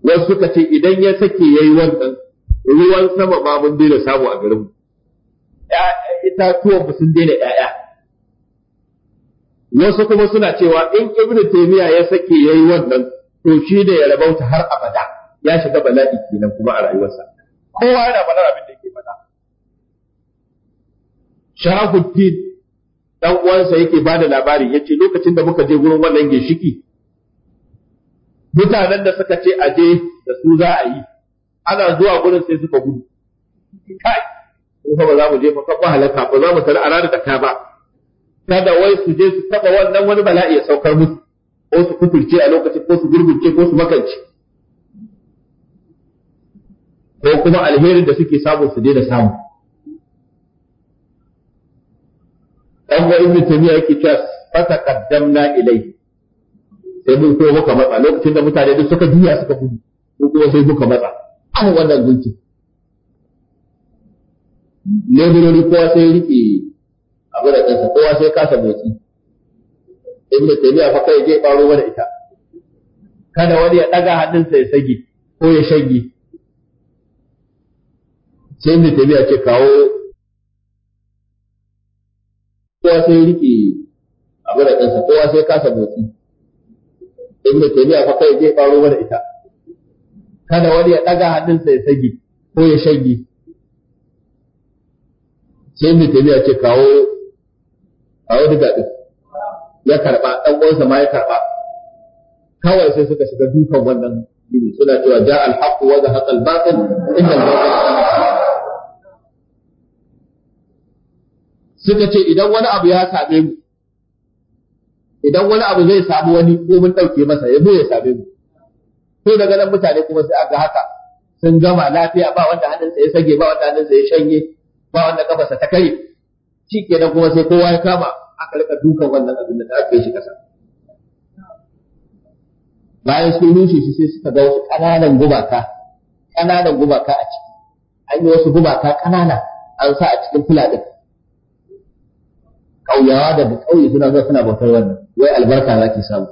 wasu suka ce idan ya sake ya yi wannan ruwan sama ba mun daina samu a garinmu itatuwan ba sun daina ƴaƴa wasu kuma suna cewa in Ibn taimiyya ya sake ya yi wannan to shi da ya rabauta har abada ya shiga bala'i kenan kuma a rayuwarsa kowa yana faɗar abin da yake faɗa sharafuddin dan uwansa yake bada labari ce lokacin da muka je wurin wannan ginshiki mutanen da suka ce aje da su za a yi ana zuwa gurin sai suka gudu kai ko ba za mu je fa kafa halaka ba za mu tare a ranar da ta ba kada wai su je su taba wannan wani bala'i ya saukar musu ko su kufurce a lokacin ko su gurgurce ko su makance ko kuma alherin da suke samu su da samu dan wa ibnu tamiya yake cewa fa taqaddamna ilayhi sai mun ko muka matsa lokacin da mutane duk suka juya suka gudu ko kuma sai muka matsa an wannan gunkin leburori kowa sai riƙe, abu da kansa kowa sai kasa motsi ibnu taymiya fa kai je faro mana ita kada wani ya daga hannunsa ya sage ko ya shage sai ibnu taymiya ce kawo kowa sai rike abu da kansa kowa sai kasa motsi ibnu taymiya fa kai zai faro mana ita kada wani ya daga hannunsa ya sagi ko ya shagi sai ibnu taymiya ce kawo kawo diga ɗin ya karba dan uwansa ma ya karba kawai sai suka shiga dukan wannan gini suna cewa ja al-haq wa zahaqa al-batil inna al-batila suka ce idan wani abu ya same mu idan wani abu zai samu wani ko mun ɗauke masa ya zo ya same mu to daga nan mutane kuma sai aga haka sun gama lafiya ba wanda hannunsa ya sage ba wanda hannunsa ya shanye ba wanda kafarsa ta kare shi kenan kuma sai kowa ya kama aka rika dukan wannan abin da aka yi shi kasa bayan sun rushe shi sai suka ga wasu ƙananan gumaka ƙananan gumaka a ciki an yi wasu gumaka ƙanana an sa a cikin fula ƙauyawa daga ƙauye suna zuwa suna bautar wannan wai albarka za ki samu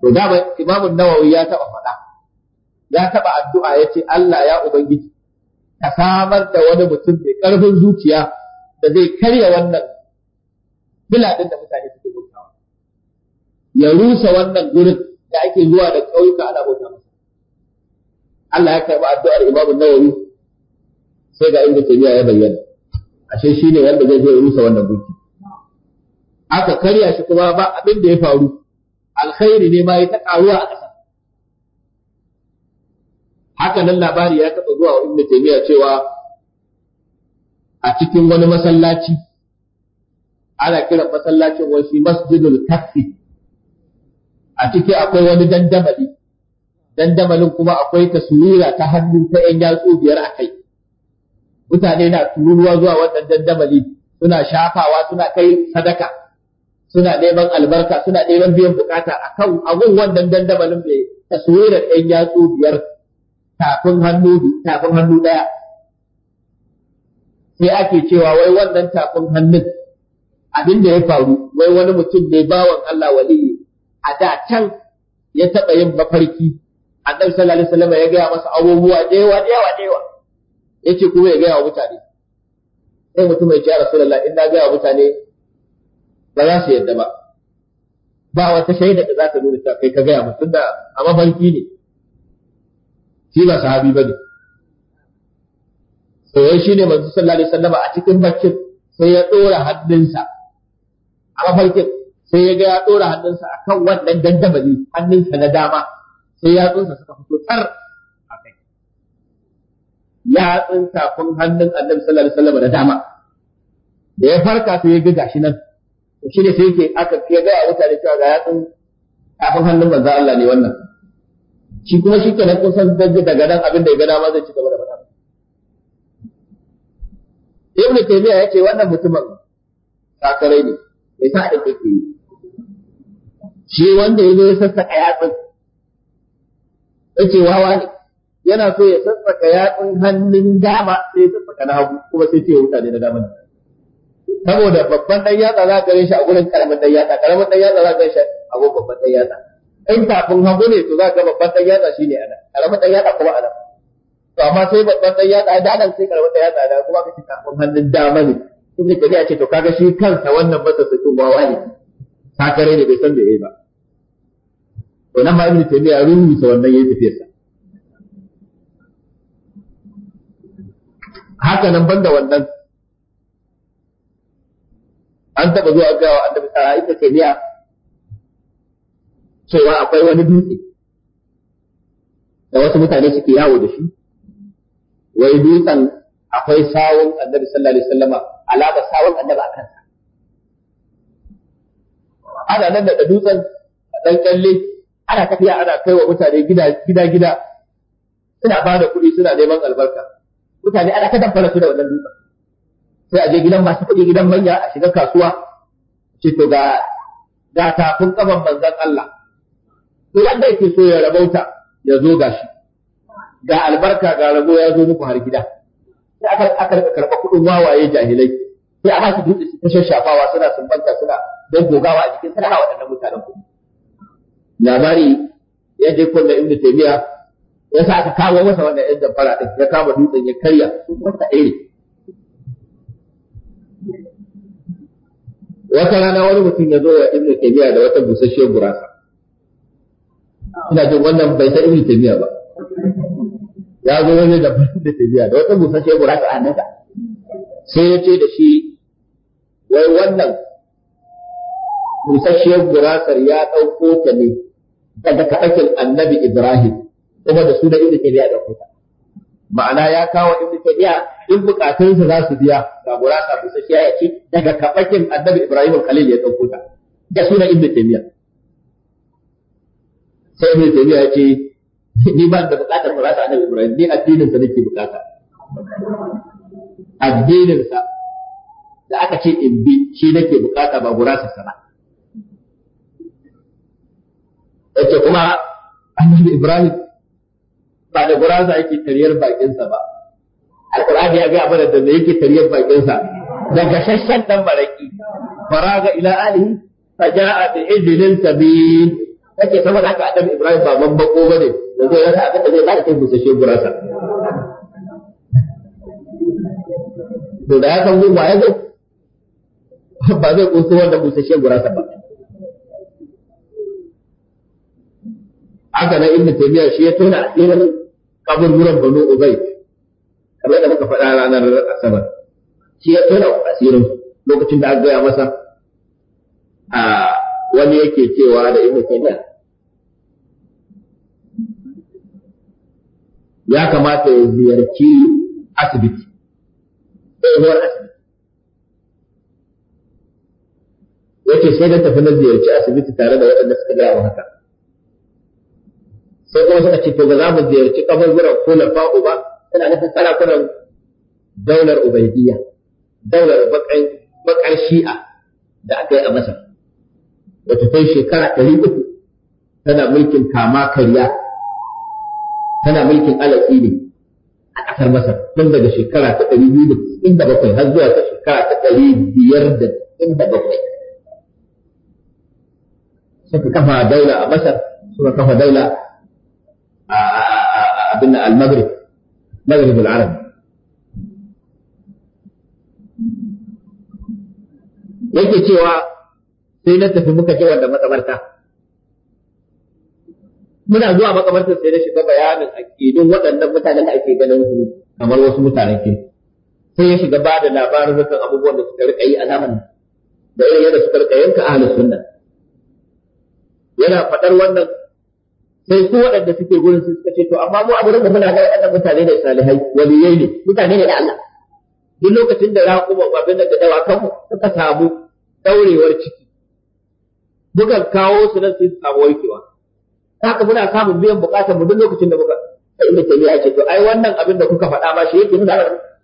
to dama imamun nawawi ya taɓa faɗa ya taɓa addu'a ya ce Allah ya ubangiji ka samar da wani mutum mai ƙarfin zuciya da zai karya wannan biladin da mutane suke bautawa ya rusa wannan gurin da ake zuwa da ƙauyuka ana bauta masa Allah ya karɓi addu'ar imamun nawawi sai ga inda tabiya ya bayyana ashe shi ne wanda zai zo ya rusa wannan gunki aka karya shi kuma ba abin da ya faru alkhairi ne ma ya ta karuwa a ƙasa haka nan labari ya taɓa zuwa wa ibnu taymiya cewa a cikin wani masallaci ana kiran masallacin wasu masjidul taxi. a ciki akwai wani dandamali dandamalin kuma akwai taswira ta hannu ta 'yan yatsu biyar a kai mutane na tururuwa zuwa waɗannan dabali suna shafawa suna kai sadaka suna neman albarka suna neman biyan bukata kan abin wannan dandamalin mai taswirar ɗan yatsu biyar tafin hannu ɗaya sai ake cewa wai wannan tafin hannun abin da ya faru wai wani mutum ne bawan Allah ne. a da can ya taɓa yin mafarki annabi sallallahu alaihi wasallam ya gaya masa abubuwa da yawa da yawa da yawa yace kuma ya gaya wa mutane sai mutum ya ce rasulullah in na gaya wa mutane ba za su yadda ba ba wata shaida da za ta nuna ta kai ka gaya mu tunda a mafarki ne shi ba sahabi bane to yai shine manzo sallallahu alaihi wasallama a cikin bakin sai ya dora hannunsa a mafarkin sai ya ga ya dora hannunsa akan wannan dandamali hannunsa na dama sai yatsunsa suka fito tar yatsun tafin hannun annabi sallallahu alaihi wasallam da dama da ya farka sai ya ga gashi nan shi ne sai yake aka fi ga mutane cewa ga yatsun tafin hannun manzo Allah ne wannan shi kuma shi kenan kusan daga nan abin da ya ga dama zai ci gaba da faɗa Ibn Taymiyyah yace wannan mutumin sakarai ne bai sa da kake yi shi wanda ya zo ya sassaka yace wawa ne yana so ya sassaka yatsun hannun dama sai ya sassaka na hagu kuma sai ce mutane na dama saboda babban dan yatsa za ka shi a gurin karamin dan yatsa karamin dan yatsa za ka shi a gurin babban dan yatsa in kafin hagu ne to za ka babban dan yatsa shine ana karamin dan yatsa kuma ana to amma sai babban dan yatsa da nan sai karamin dan yatsa da kuma ka ci kafin hannun dama ne in da a ce to kaga shi kansa wannan masassakin wawa ne sakare ne bai san da yayi ba to nan ma ibnu taymiya ruhu sa wannan yayi tafiyarsa haka nan banda wannan an taɓa zuwa ga annabi a ibnu taymiya cewa akwai wani dutse da wasu mutane suke yawo da shi wai dutsen akwai sawun annabi sallallahu alaihi wasallama alama sawun annabi akan sa ana nan da dutsen dan kalle ana tafiya ana kai wa mutane gida gida gida suna ba da kuɗi suna neman albarka mutane ana kadan damfara su da wannan dutsen sai a je gidan masu kuɗi gidan manya a shiga kasuwa ce to ga ga tafin kafan banzan Allah to wanda yake so ya rabauta ya zo gashi ga albarka ga rabo ya zo muku har gida sai aka aka karɓa kuɗin wawaye jahilai sai a ba su dutse ta shashafawa suna sumbanta suna don gogawa a cikin sana'a waɗannan mutanen kuɗi labari ya je kullum ibnu taymiya ya sa aka kawo masa wannan yan jamfara din ya kama dutsen ya karya wata iri wata rana wani mutum ya zo ya ibnu taymiya da wata busasshe gurasa ina jin wannan bai san ibnu taymiya ba ya zo wani da da taymiya da wata busasshe gurasa a nasa sai ya ce da shi wai wannan busasshe gurasar ya ɗauko ta ne daga kaɗakin annabi ibrahim kuma da su da ibnu biya da kuka ma'ana ya kawo ibnu biya in bukatunsa za su biya ga gurasa sai ya ce daga kabakin annabi ibrahim khalil ya dauko ta da sunan ibnu biya. sai ibnu taymiya ya ce ni ba da bukatar gurasa annabi ibrahim ni addinin sa nake bukata addinin sa da aka ce in bi shi nake bukata ba gurasa sa ba yace kuma annabi ibrahim ba da gurasa yake tariyar bakinsa ba alqur'ani ya ga mana da me yake tariyar bakinsa daga shashshan dan baraki faraga ila alihi faja'a bi ijlin sabil kake saboda haka adam ibrahim ba babban bane da zai rasa abin zai ba da kai busasshe gurasa to da ya san gurba ya zai ba zai kusa wanda busasshe gurasa ba haka nan ibnu taymiya shi ya tona asirin kaburburan banu ubai kamar yadda muka faɗa ranar asabar shi ya tona asirin lokacin da aka gaya masa a wani yake cewa da ibnu taymiya ya kamata ya ziyarci asibiti tsohuwar asibiti yake sai da tafi na ziyarci asibiti tare da waɗanda suka gaya wa haka sai kuma suka ce to ba za mu ziyarci kaburburan kulafa'u ba suna nufin sarakunan daular ubaidiyya daular bakar shi'a da aka yi a masar wata kai shekara ɗari uku tana mulkin kama karya tana mulkin alaƙi ne a ƙasar masar tun daga shekara ta ɗari biyu da tsin da bakwai har zuwa ta shekara ta ɗari biyar da tsin da bakwai suka kafa daula a masar suka kafa daula abin al-maghrib maghrib maghrib al yake cewa sai na tafi muka ji wanda makabarta muna zuwa makabartar sai na shiga bayanin aƙidun waɗannan mutanen da ake ganin su kamar wasu mutanen ke sai ya shiga ba da labarin rukan abubuwan da suka rika yi a zamanin da irin yadda suka rika yanka ahlus sunna yana faɗar wannan sai ku waɗanda suke gurin su suka ce to amma mu abin da muna ga waɗannan mutane ne salihai waliyai ne mutane ne da Allah duk lokacin da ba abin da kan mu suka samu daurewar ciki muka kawo su nan sai su samu warkewa haka muna samun biyan bukatar mu duk lokacin da muka sai ke ya ce to ai wannan abin da kuka faɗa ma shi yake nuna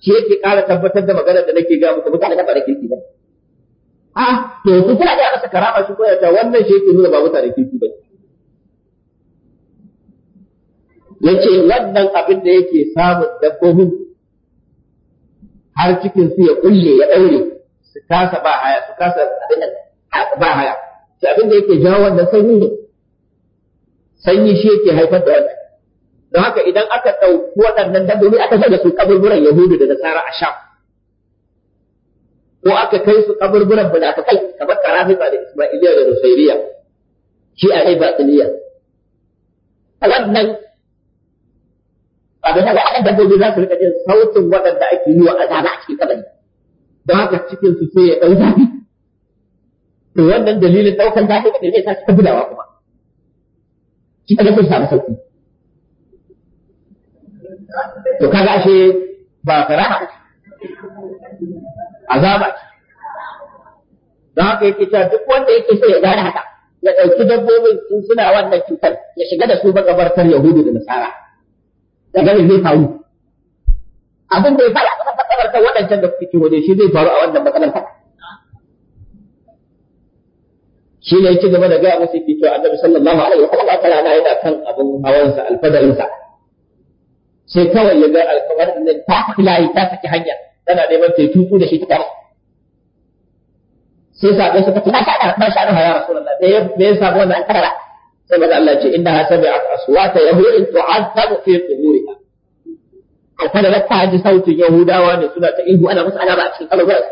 shi yake ƙara tabbatar da maganar da nake ga muku mutane da ba da kirki ba a to ku kuna ga aka karama shi ko ya ta wannan shi yake nuna ba mutane kirki ba ce wannan abin da yake samun dabbobin har cikin su ya kulle ya daure su kasa ba haya su kasa ba haya shi abin da yake jawo wannan sanyi ne sanyi shi yake haifar da wannan don haka idan aka ɗauki waɗannan dabbobi aka da su kaburburan yahudu da nasara a sham ko aka kai su kaburburan kai kamar karafifa da ismailiya da rusairiya shi a ba A wannan abin da waɗannan dabbobi za su rika jin sautin waɗanda ake yi wa azaba a cikin kabari don haka cikin su sai ya ɗau zafi to wannan dalilin ɗaukan zafi kaɗai zai sa su ta gudawa kuma shi kaga sun samu sauƙi. to kaga ashe ba faraha azaba don haka yake cewa duk wanda yake so ya gane haka ya ɗauki dabbobin sun suna wannan cutar ya shiga da su makabartar yahudu da nasara ya ga zai faru abin da ya faru a kasar matsalar ta waɗancan da kuke waje shi zai faru a wannan matsalar ta shi ne ci gaba da gaya masa yake cewa annabi sallallahu alaihi wa sallam ta rana yana kan abin hawansa alfadarinsa sai kawai ya ga alkawar nan ta saki layi ta saki hanya tana neman ta tuku da shi ta kama sai sabai suka ce na sha da ba sha da ya rasulullah me ya samu wannan karara sai maza Allah ce inna hasabi aswata yahudin tu'azzabu fi quburiha akwai da ta ji sautin yahudawa ne suna ta ihu ana musu alama a cikin kalbar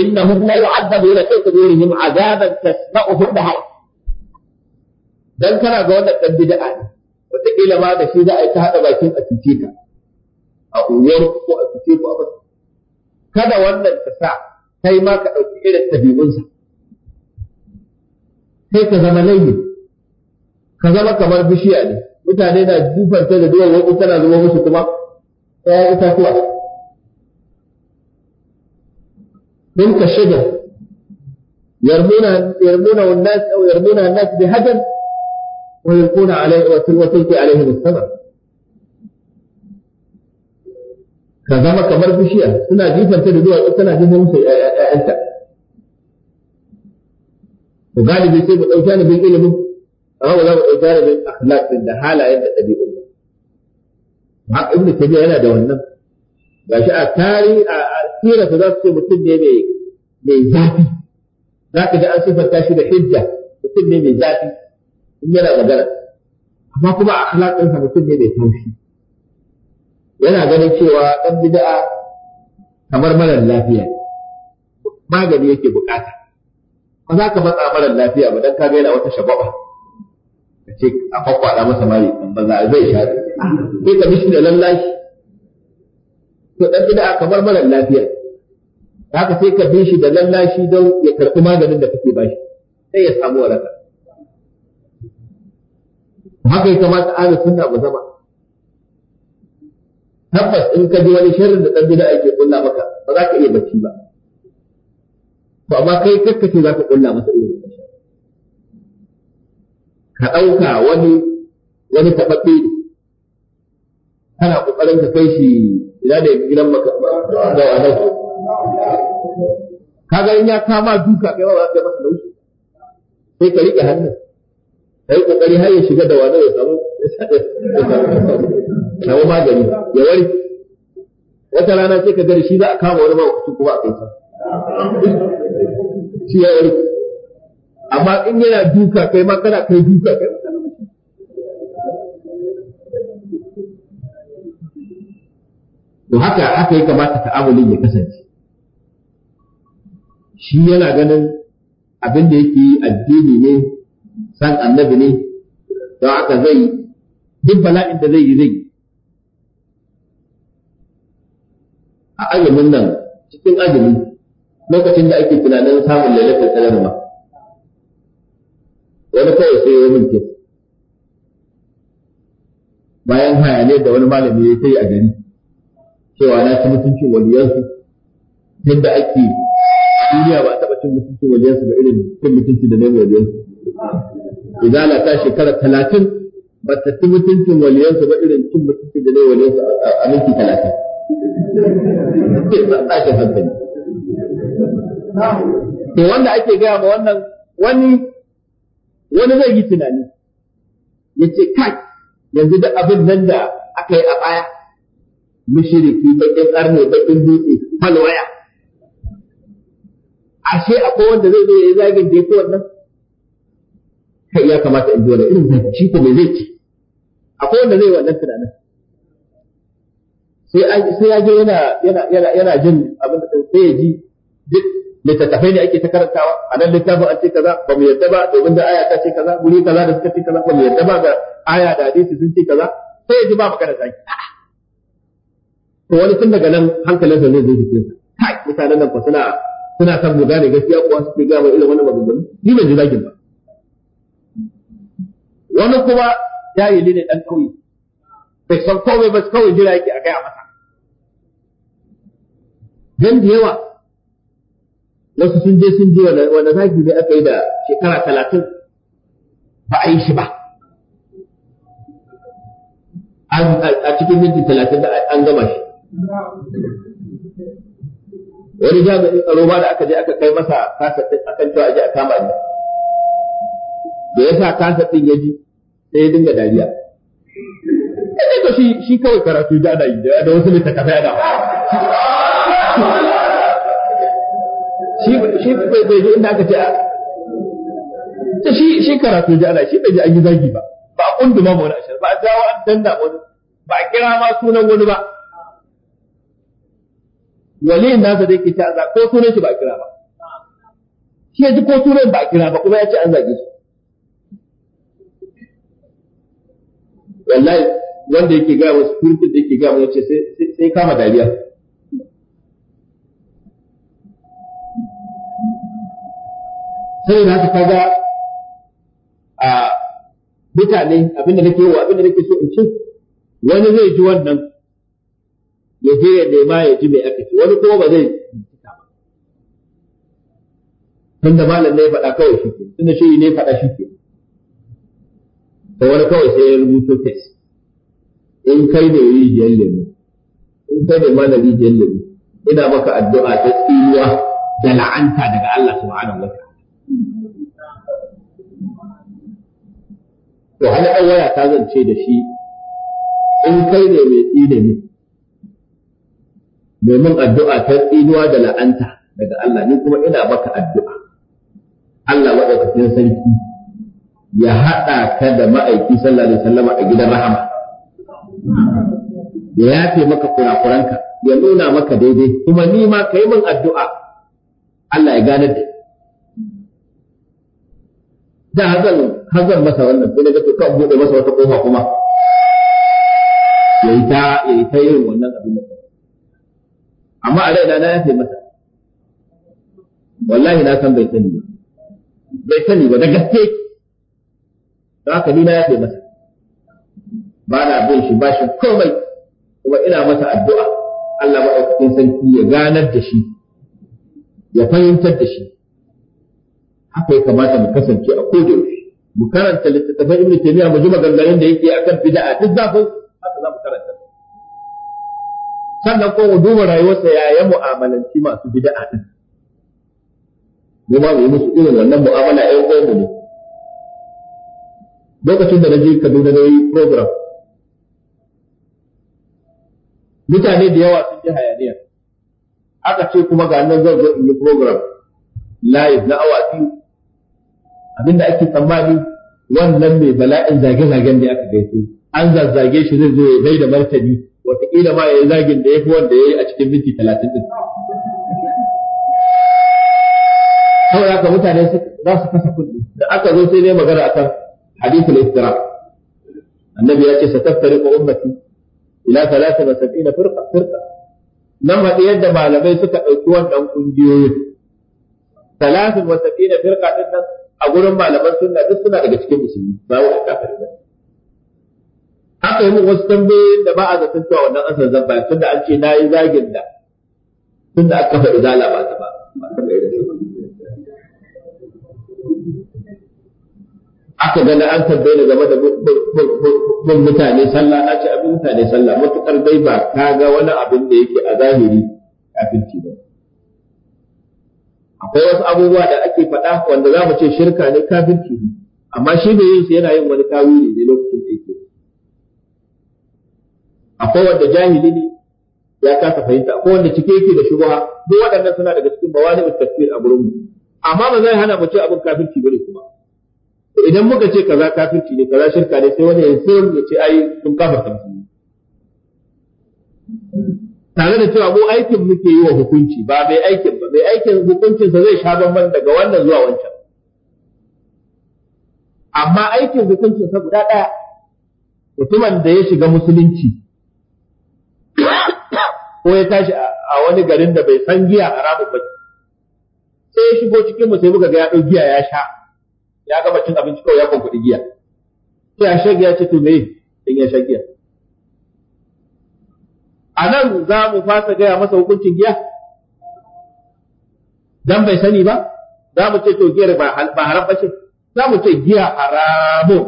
innahum la yu'azzabu ila fi quburihim azaban tasma'uhu dahar dan kana ga wannan dan bid'a ne wataƙila ma da shi za a yi ta haɗa bakin a cuce a uwar ko a cuce ko a basu kada wannan ta sa kai ma ka ɗauki irin ɗabi'unsa sai ka zama laifin ka zama kamar bishiya ne mutane na jufanta da duwar wani tana zuwa musu kuma ita kuwa don ka shiga yarmuna yarmuna wannan au yarmuna nas bi hadan wa yulquna alaihi wa tulqi alaihi bisama ka zama kamar bishiya suna jifanta da duwar wani tana zuwa musu ya'yanta to galibi sai mu ɗauki ni bin ilimin amma ba za mu ɗauki janibin da halayen da ɗabi'un ba haka ibnu tabiya yana da wannan gashi a tarihi a sirarsa za su ce mutum ne mai zafi za ka an siffanta shi da hijja mutum ne mai zafi in yana amma kuma mutum ne mai yana ganin cewa dan bid'a kamar marar lafiya magani yake bukata ba za ka matsa marar lafiya ba dan ka ga yana wata shababa ce a kwakwada masa mari banza zai sha sai ka mishi da lallashi to dan bid'a kamar mara lafiya haka sai ka bishi da lallashi don ya karɓi maganin da kake bashi sai ya samu waraka haka ya kamata ahli sunna ba zama tabbas in ka ji wani sharrin da dan bid'a ake kulla maka ba za ka iya bacci ba to amma kai kakkace za ka kulla masa irin ka ɗauka wani wani taɓaɓɓe ne kana ƙoƙarin ka kai shi ina da gidan maka da wa nan ga in ya kama duka kai ba za ka masa laushi sai ka riƙe hannun yi ƙoƙari har ya shiga da wa ya samu samu magani ya wari. wata rana sai ka gani shi za a kama wani mawakacin kuma a kai sa shi ya warke amma in yana duka kai ma kana kai duka kai ma To haka haka ya kamata ta'amulin ya kasance. Shi yana ganin abin da yake addini ne, san annabi ne, don haka zai duk bala'in da zai yi zai. A ayyamin nan, cikin azumi, lokacin da ake tunanin samun lalatar kalarwa. wani kawai sai ya mulke bayan hayaniyar da wani malami ya kai a gari cewa na ci mutuncin waliyansu yadda ake duniya ba taɓa cin mutuncin waliyansu da irin cin mutunci da nemi waliyansu izala ta shekara talatin ba ta ci mutuncin waliyansu ba irin cin mutunci da nemi waliyansu a minti talatin ke wanda ake gaya ma wannan wani wani zai yi tunani ya ce kai yanzu da abin nan da aka yi a baya mishiriki bakin karne bakin dutse falwaya ashe akwai wanda zai zo ya zagin da ya fi wannan kai ya kamata in zo da irin zai ci ko mai zai ci akwai wanda zai wannan tunanin sai ya je yana yana yana yana jin abin da sai ya ji duk littattafai ne ake ta karantawa a nan littafin an ce kaza ba mu yadda ba domin da aya ta ce kaza guri kaza da suka ce kaza ba mu yadda ba ga aya da hadisi sun ce kaza sai ya ji ba magana zaki to wani tun daga nan sa ne zai jikin sa kai mutanen nan fa suna suna san mu gane gaskiya ko suke ga mai irin wannan maganganu ni ban ji zaki ba wani kuma jahili ne dan kauye bai san komai ba kawai jira yake akai a masa dan da yawa wasu sun je sun je wanda za ki ne aka yi da shekara talatin ba a yi shi ba a cikin minti talatin da an gama shi wani jami'in tsaro ba da aka je aka kai masa kasa ɗin akan cewa aje a kama ne da ya sa kasa ɗin ya ji sai ya dinga dariya sai shi kawai karatu da ana yi da wasu littattafai ana shi bai bai inda aka ce a shi shi karatu ji ana shi bai ji an yi zagi ba ba a kunduma ma wani ashar ba a dawo an danna wani ba a kira ma sunan wani ba waliyin nasa da yake ta za ko sunan shi ba a kira ba shi ya ji ko sunan ba a kira ba kuma ya ce an zage shi wallahi wanda yake gaya wasu kurkin da yake gaya ce sai kama dariya sai na haka kaga a mutane da nake wa abin da nake so in ci wani zai ji wannan ya je ya nema ya ji mai aka ci wani kuma ba zai bincika ba da malam ne ya faɗa kawai shi ke da shi ne faɗa shi ke ta wani kawai sai ya rubuto test in kai ne rijiyar lemu in kai ne yi rijiyar lemu ina maka addu'a ta tsiruwa da la'anta daga Allah subhanahu wa to halakar waya ta zance da shi in kai ne mai tsine mu domin addu'a ta tsinuwa da la'anta daga Allah ni kuma ina baka addu'a Allah maɗaukakin sarki ya haɗa ka da ma'aiki sallallahu alaihi sallama a gidan rahama ya yafe maka kurakuranka ya nuna maka daidai kuma ni ma yi min addu'a Allah ya gane da da hazan hazan masa wannan sai daga to kan bude masa wata kofa kuma yayi ta yayi ta yin wannan abin da amma a rai na yafe masa wallahi na san bai sani ba bai sani ba da gaske da haka ni na yafe masa ba na bin shi ba shi komai kuma ina masa addu'a Allah maɗaukakin sarki ya ganar da shi ya fahimtar da shi haka ya kamata mu kasance a kodin mu karanta littattafan ibn taymiya mu ji maganganun da yake akan bid'a duk zafin haka za mu karanta sannan ko mu duba rayuwarsa ya yi mu'amalanci masu bid'a din mu ma mu yi musu irin wannan mu'amala ɗan uwan mu ne lokacin da na je Kaduna na yi program mutane da yawa sun ji hayaniya aka ce kuma ga nan zan zo in yi program live na awa biyu abinda ake tsammani wannan mai bala'in zage-zagen da aka gaito an zazzage shi zai zo ya bai da martani wataƙila ma ya yi zagin da ya fi wanda ya yi a cikin minti talatin din saboda haka mutane za su kasa kudi da aka zo sai ne magana akan hadithul istira annabi ya ce ko ummati ila na firka firka. nan haɗe yadda malamai suka ɗauki wannan ƙungiyoyin talatin wa sabina firka ɗin nan a gurin malaman sunna duk suna daga cikin musulmi ba wani kafiri ba haka yi mun wasu tambayoyin da ba a zaton cewa wannan asar zamba tun da an ce na yi zagin da tunda aka kafa izala ba ta ba aka gani an tambaye ni game da bin mutane sallah na ce abin mutane sallah matukar dai ba ka ga wani abin da yake a zahiri kafin ba akwai wasu abubuwa da ake faɗa wanda za mu ce shirka ne kafirci ne amma shi da yin yana yin wani tawili ne lokacin da yake akwai wanda jahili ne ya kasa fahimta akwai wanda cike yake da shubha duk waɗannan suna daga cikin bawani tafsir a gurin mu amma ba zai hana mu ce abin kafirci bane kuma idan muka ce kaza kafirci ne kaza shirka ne sai wani ya sirri ya ce ai sun kafa musulmi tare da cewa mu aikin muke yi wa hukunci ba mai aikin ba mai aikin hukuncinsa zai sha bamban daga wannan zuwa wancan amma aikin hukuncinsa guda ɗaya mutumin da ya shiga musulunci ko ya tashi a wani garin da bai san giya a ba sai ya shigo cikin mu sai muka ga ya dau giya ya sha ya gama cin abinci kawai ya kwankwaɗi giya sai ya sha giya ce to me in ya sha giya a nan za mu fasa gaya masa hukuncin giya dan bai sani ba za mu ce to giyar ba haram ba ce za mu ce giya haramu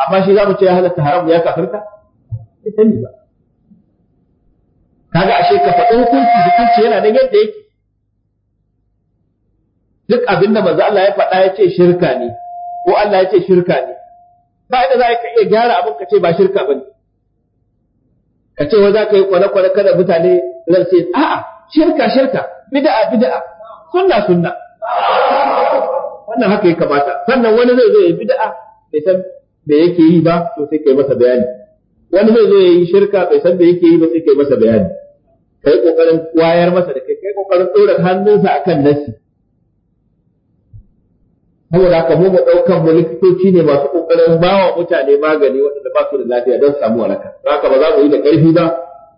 amma shi za mu ce ya halatta haram ya kafirta bai sani ba kaga ashe ka faɗi hukunci hukunci yana nan yadda yake duk abin da manzo Allah ya faɗa ya ce shirka ne ko Allah ya ce shirka ne ba da za ka iya gyara abin ka ce ba shirka bane ka ce wai za ka yi kwane kada mutane zan ce a'a shirka shirka bid'a bid'a sunna sunna wannan haka ya kamata sannan wani zai zo ya bid'a bai san me yake yi ba to sai kai masa bayani wani zai zo ya yi shirka bai san me yake yi ba sai kai masa bayani kai kokarin wayar masa da kai kai kokarin dora hannunsa akan nasi saboda haka mu mu daukan mu likitoci ne masu kokarin bawa mutane magani waɗanda ba su da lafiya don samu waraka haka ba za mu yi da karfi ba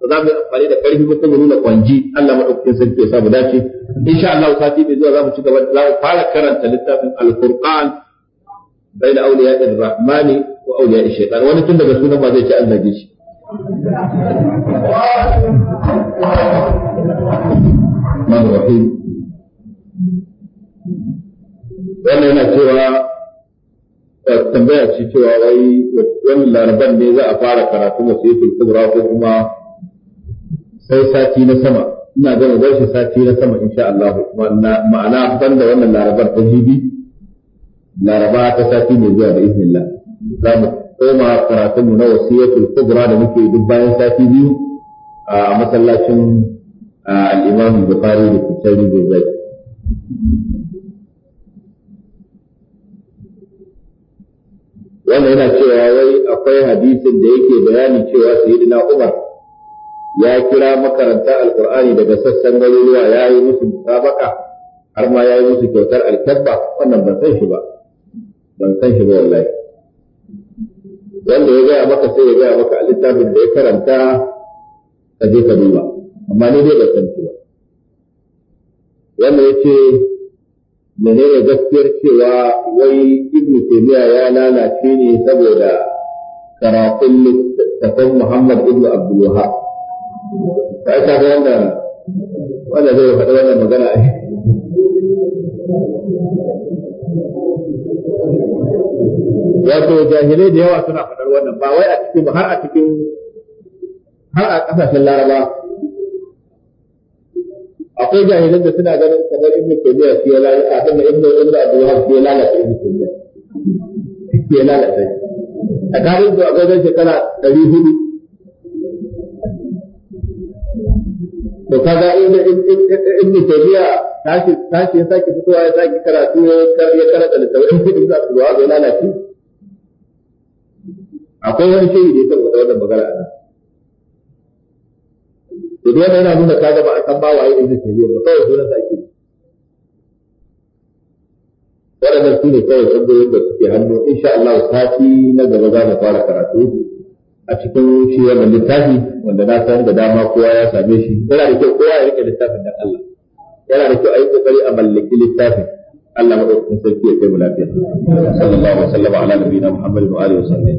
ba za mu yi amfani da karfi ba ta mu nuna kwanji Allah madaukakin sarki ya samu dace insha Allah sati mai zuwa za mu ci gaba za mu fara karanta littafin al-Qur'an baina awliya'ir rahmani wa awliya'ir shaytan wani tun daga sunan ba zai ci an zage shi wannan yana cewa tambaya ce cewa wai wani laraban ne za a fara karatu da sayyidul kubra ko kuma sai sati na sama ina ga zai shi sati na sama insha Allah wannan ma'ana banda wannan larabar ta jibi laraba ta sati mai zuwa da iznillah za mu koma karatunmu na wasiyatul kubra da muke duk bayan sati biyu a masallacin al-Imam Bukhari da Tirmidhi da zai. wannan yana cewa wai akwai hadisin da yake bayani cewa sayyidina Umar ya kira makaranta alqur'ani daga sassan garuruwa ya yi musu musabaka har ma ya yi musu kyautar alkabba wannan ban san shi ba ban san shi ba wallahi wanda ya gaya maka sai ya gaya maka a littafin da ya karanta ka je ka duba amma ni dai ban san shi ba wanda ya ce menene gaskiyar cewa wai ibn taymiya ya lalace ne saboda karatun littattafan muhammad ibn abdul wahab ta ta ga wanda wanda zai faɗi wannan magana ai wato jahilai da yawa suna faɗar wannan ba wai a cikin har a cikin har a ƙasashen laraba akwai jahilin da suna ganin kamar ibnu taymiya shi ya lalata abin da ibnu ibnu abdul wahab shi ya lalata ibnu taymiya shi ya lalata a tarihin zuwa wajen shekara 400 hudu to kaga inda ibnu taymiya tashi tashi ya sake fitowa ya sake karatu ya karanta littafin ibnu abdul wahab ya lalace akwai wani shehi da ya tabbata wannan magana a nan to dole yana nuna kaga ba a san ba waye ibnu taymiya ba kawai sunan sa ake waɗannan su ne kawai tambayoyin da suke hannu insha Allah sati na gaba za mu fara karatu a cikin shi wannan littafi wanda na san da dama kowa ya same shi yana da kyau kowa ya rike littafin da Allah yana da kyau a yi kokari a mallaki littafin Allah madaukakin sarki ya kai mu lafiya sallallahu alaihi wa sallam ala nabiyina Muhammad wa alihi wa sallam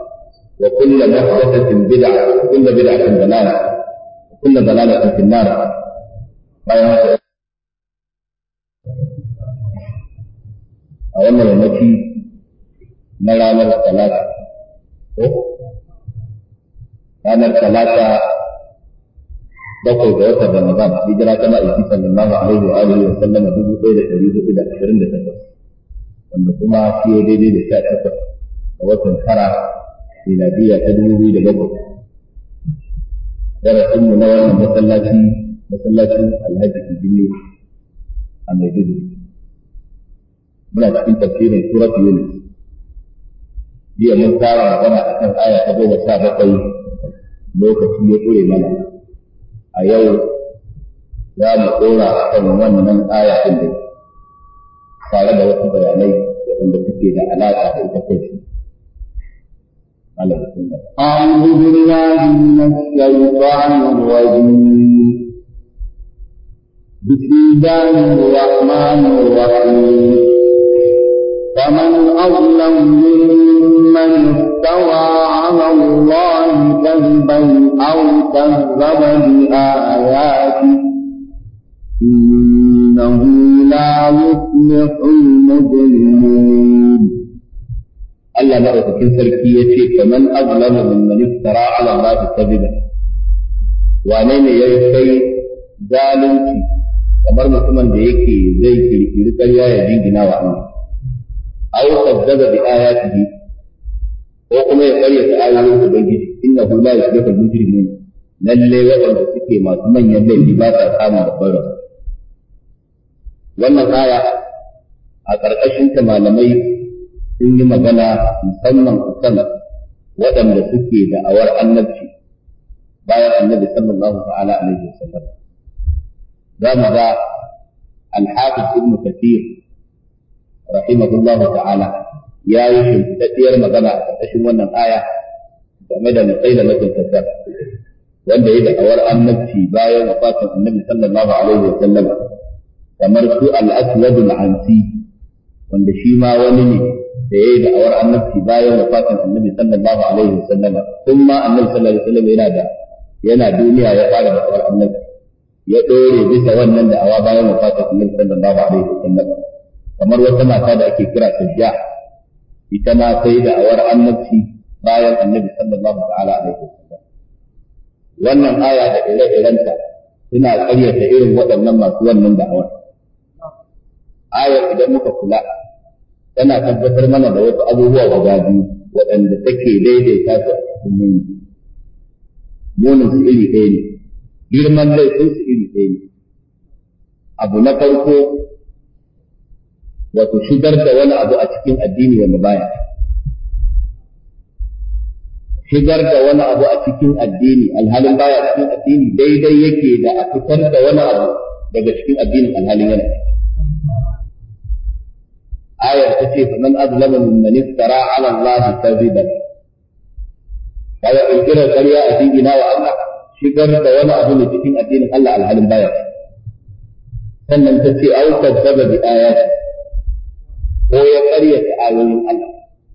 وكل محدثة بدعة وكل بدعة ضلالة وكل ضلالة في النار a wannan yammaci na ranar talata ko ranar talata bakwai ga watan ramadan hijira ta ma'aiki sallallahu alaihi wa alihi wa sallama dubu ɗaya da ɗari hudu da ashirin da takwas wanda kuma shi daidai da sha takwas a watan tara miladiya ta dubu biyu da bakwai darasin mu na wannan masallaci masallacin alhaji kibini a maiduguri muna cikin tafsirin surat yunus jiya mun fara magana a kan aya ta goma sha bakwai lokaci ya ƙure mana a yau za mu ɗora a kan wannan aya ɗin tare da wasu bayanai waɗanda suke da alaƙa da ita kai على السنة أعوذ بالله من الشيطان الرجيم بسم الله الرحمن الرحيم فمن أظلم ممن افترى على الله كذبا أو كذب بآياته إنه لا يفلح المجرمون Allah madaukakin sarki ya ce faman azlamu mimman iftara ala su kadhiba wane ne ya kai zalunci kamar mutumin da yake zai kirkiri ƙarya ya jingina wa Allah aw kadzaba bi ko kuma ya ƙarya ta ayoyin ubangiji innahu la yuflihu al-mujrimun lalle waɗanda suke masu manyan laifi ba sa samun babbar wannan aya a ta malamai sun yi magana musamman a salaf waɗanda suke da'awar annabci bayan annabi sallallahu ta'ala alaihi wasallam za mu ga al-hafiz ibn kathir rahimahullahu ta'ala ya yi shimfiɗaɗɗiyar magana a ƙarƙashin wannan aya game da matsayin lakin kazzab wanda ya da'awar annabci bayan wafatin annabi sallallahu alaihi wa sallam. kamar su al-aswad ansi wanda shi ma wani ne da yayi da awar annabci bayan wafatin annabi sallallahu alaihi wasallam kun ma annabi sallallahu alaihi wasallam yana da yana duniya ya fara da awar annabi ya dore bisa wannan da awa bayan wafatin annabi sallallahu alaihi wasallam kamar wata mata da ake kira sajja ita ma sai da awar annabci bayan annabi sallallahu ta'ala alaihi wasallam wannan aya da ire-irenta suna ƙaryata irin waɗannan masu wannan da'awar ayar idan muka kula tana tabbatar mana da wasu abubuwa guda biyu waɗanda take daidaita su a cikin muni munin su iri ɗaya ne girman laifin su iri ɗaya ne abu na farko wato shigar da wani abu a cikin addini wanda baya shigar da wani abu a cikin addini alhalin baya cikin addini daidai yake da a fitar da wani abu daga cikin addinin alhalin yana ayar ta ce faman azlama mimman iftara ala Allah kadhiban kaga kirkirar ƙarya a jingina wa Allah shigar da wani abu ne cikin addinin Allah alhalin baya sannan ta ce au kadzaba bi ayati ko ya ƙaryata ayoyin Allah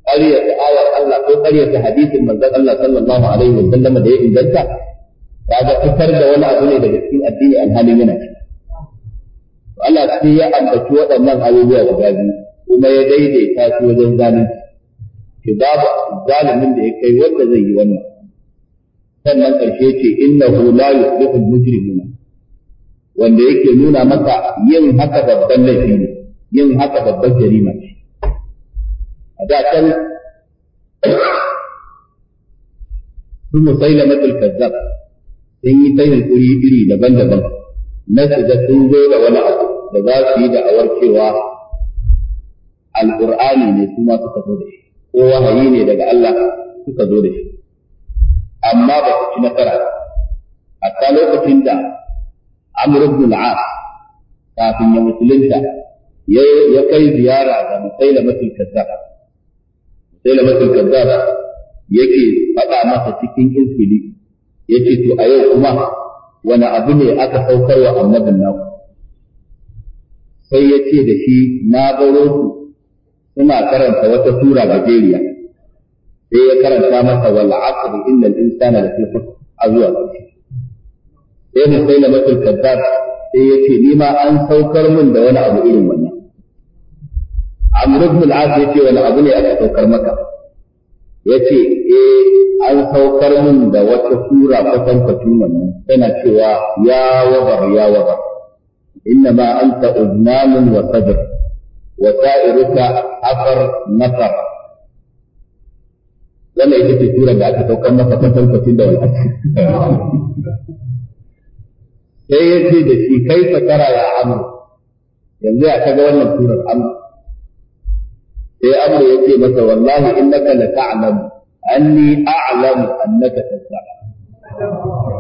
ƙaryata ayar Allah ko ƙaryata hadisin manzon Allah sallallahu alaihi wa sallam da ya inganta kaga fitar da wani abu ne daga cikin addini alhalin yana Allah sai ya ambaci waɗannan abubuwa guda biyu kuma ya daidaita shi wajen zalim to babu zalimin da ya kai wanda zai yi wannan sannan ƙarshe ce hu la yuflihu al-mujrimuna wanda yake nuna maka yin haka babban laifi ne yin haka babban jarima ce a da kan su musailamatul kazzab sun yi tayin iri iri daban-daban na su sun zo da wani abu da za su yi da'awar cewa alqur'ani ne kuma suka zo da shi ko wahayi ne daga Allah suka zo da shi amma ba su ci nasara ba hatta lokacin da Amr ibn al-As kafin ya musulunta ya kai ziyara ga Musailamatul Kazzab Musailamatul Kazzab yake faɗa masa cikin insili yake to a yau kuma wani abu ne aka saukar wa annabin naku sai ya ce da shi na ga ku suna karanta wata sura gajeriya sai ya karanta masa wal asr innal insana lafi khusr azwa sai mu sai na mutul kazzab sai yace ni ma an saukar min da wani abu irin wannan amr ibn al-as yace wani abu ne aka saukar maka yace eh an saukar min da wata sura kusan kwatan wannan tana cewa ya wabar ya wabar innama anta uznamun wa sadr وسائرك أثر نفر wannan ita ce tura da aka saukar masa kwatankwacin da wani aci. Sai ya ce da shi kai sakara ya amur, yanzu ya kaga wannan turar amur. Sai amur ya ce masa wallahi innaka la ta'lamu anni a'lamu annaka tasdaqa.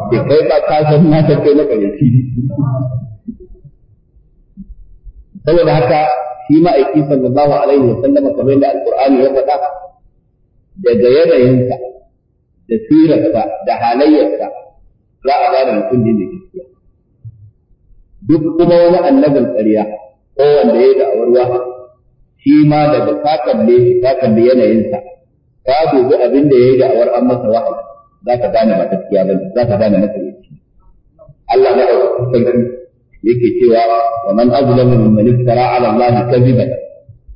Ke kai ba ka san na ta kai na kare Saboda haka shi ma'aiki sallallahu alaihi wa sallama kamar yadda alqur'ani ya faɗa daga yanayinsa da sirarsa da halayyarsa za a gane mutum ne mai gaskiya duk kuma wani annabin ƙarya ko wanda ya yi da awarwa shi ma daga ka kalle shi ka kalle yanayinsa ka dubi abin da ya yi da awar an masa wahayi za ka gane ba gaskiya ba za ka gane masa Allah ya ɗauki sarki yake cewa wa man azlamu mimman iftara ala allahi kadhiban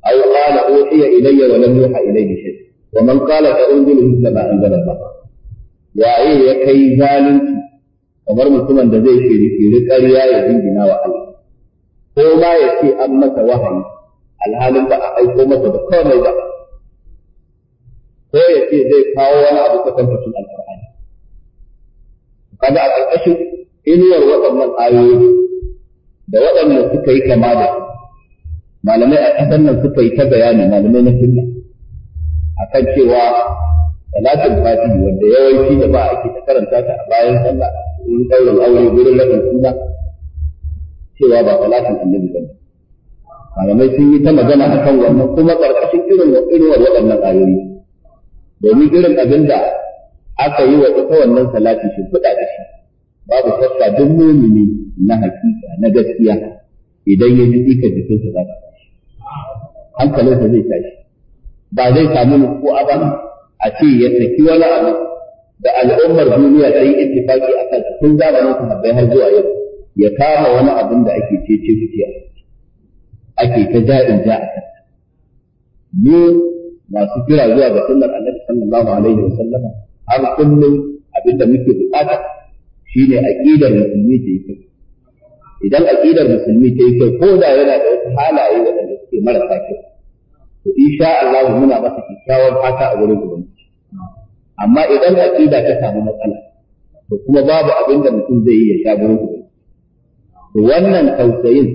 aw qala uhiya ilayya wa lam yuha ilayhi shay wa man qala fa unzilu mithla ma anzala allah waye ya kai zalunci kamar mutumin da zai shiri-shiri ƙarya ya jingina wa Allah ko ma ya ce an masa wahayi alhalin ba a aiko masa da komai ba ko ya ce zai kawo wani abu kwatankwacin alƙur'ani kaga a ƙarƙashin inuwar waɗannan ayoyi da waɗannan suka yi kama da malamai a ƙasar nan suka yi ta bayani malamai na sunna kan cewa salatin fatihi wanda yawanci da ba ke ta karanta ta a bayan sallah wurin ɗaurin aure wurin raɗin suna cewa ba salatin annabi ba ne malamai sun yi ta magana a kan wannan kuma ƙarƙashin irin irin waɗannan ayoyi domin irin abin da aka yi wa ita wannan salati shi kuɗa da shi babu shakka duk mumini na hakika na gaskiya idan ya ji tsika jikinsa za ta tashi hankalinsa zai tashi ba zai samu nutsuwa ba a ce ya saki wani abu da al'ummar duniya ta yi ittifaki a kan tun zamanin sahabbai har zuwa yau ya kama wani abin da ake cece kuciya ake ta ja'in ja a kan mu masu kira zuwa ga sunnar annabi sallallahu alaihi wa sallama har kullum abin da muke bukata shine aqidar musulmi ta yi kyau idan aqidar musulmi ta yi kyau ko da yana da wasu halaye waɗanda suke marasa kyau to insha Allah muna masa kyakkyawar fata a wurin ubangiji amma idan aqida ta samu matsala to kuma babu abin da mutum zai yi ya sha wurin ubangiji to wannan tausayin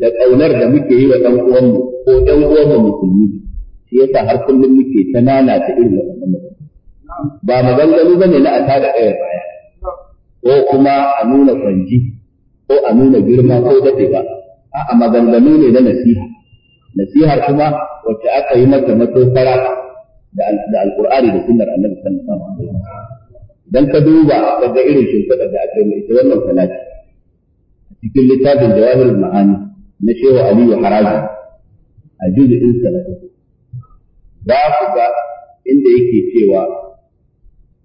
da ƙaunar da muke yi wa ɗan uwanmu ko ɗan uwanmu musulmi shi yasa har kullum muke ta nana ta irin wannan ba maganganu bane na ata da ƙayar ba ko kuma a nuna kwanci ko a nuna girma ko daɗe ba a'a maganganu ne na nasiha Nasiha kuma wacce aka yi mata matofara da alkur'ani da sunnar annabi sallallahu alaihi wasallam dan ka duba daga irin shimfiɗa da aka yi mai ita wannan salati cikin littafin jawahirul ma'ani na Shehu aliyu haraji a juz'in salati za ku ga inda yake cewa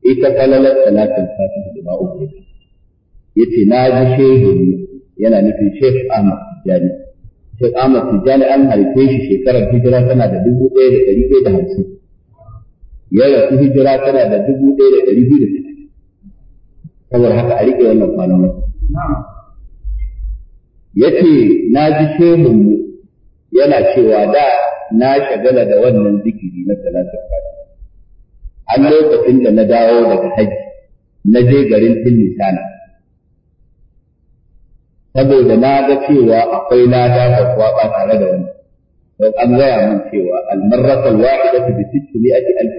ita kalalar salatin fatiha da ba'u yace na ji shehu yana nufin Sheikh Ahmad Tijani Sheikh Ahmad Tijani an haife shi shekarar hijira tana da dubu ɗaya da da hamsin ya rasu hijira tana da dubu ɗaya da biyu da saboda haka a riƙe wannan kwanan wata ya na ji shehu yana cewa da na shagala da wannan zikiri na salatar fati an lokacin da na dawo daga haji na je garin Tilmisana saboda na ga cewa akwai lada karkuwa ba tare da wani don an gaya min cewa almarratul wahidatu bi sittimi'ati alf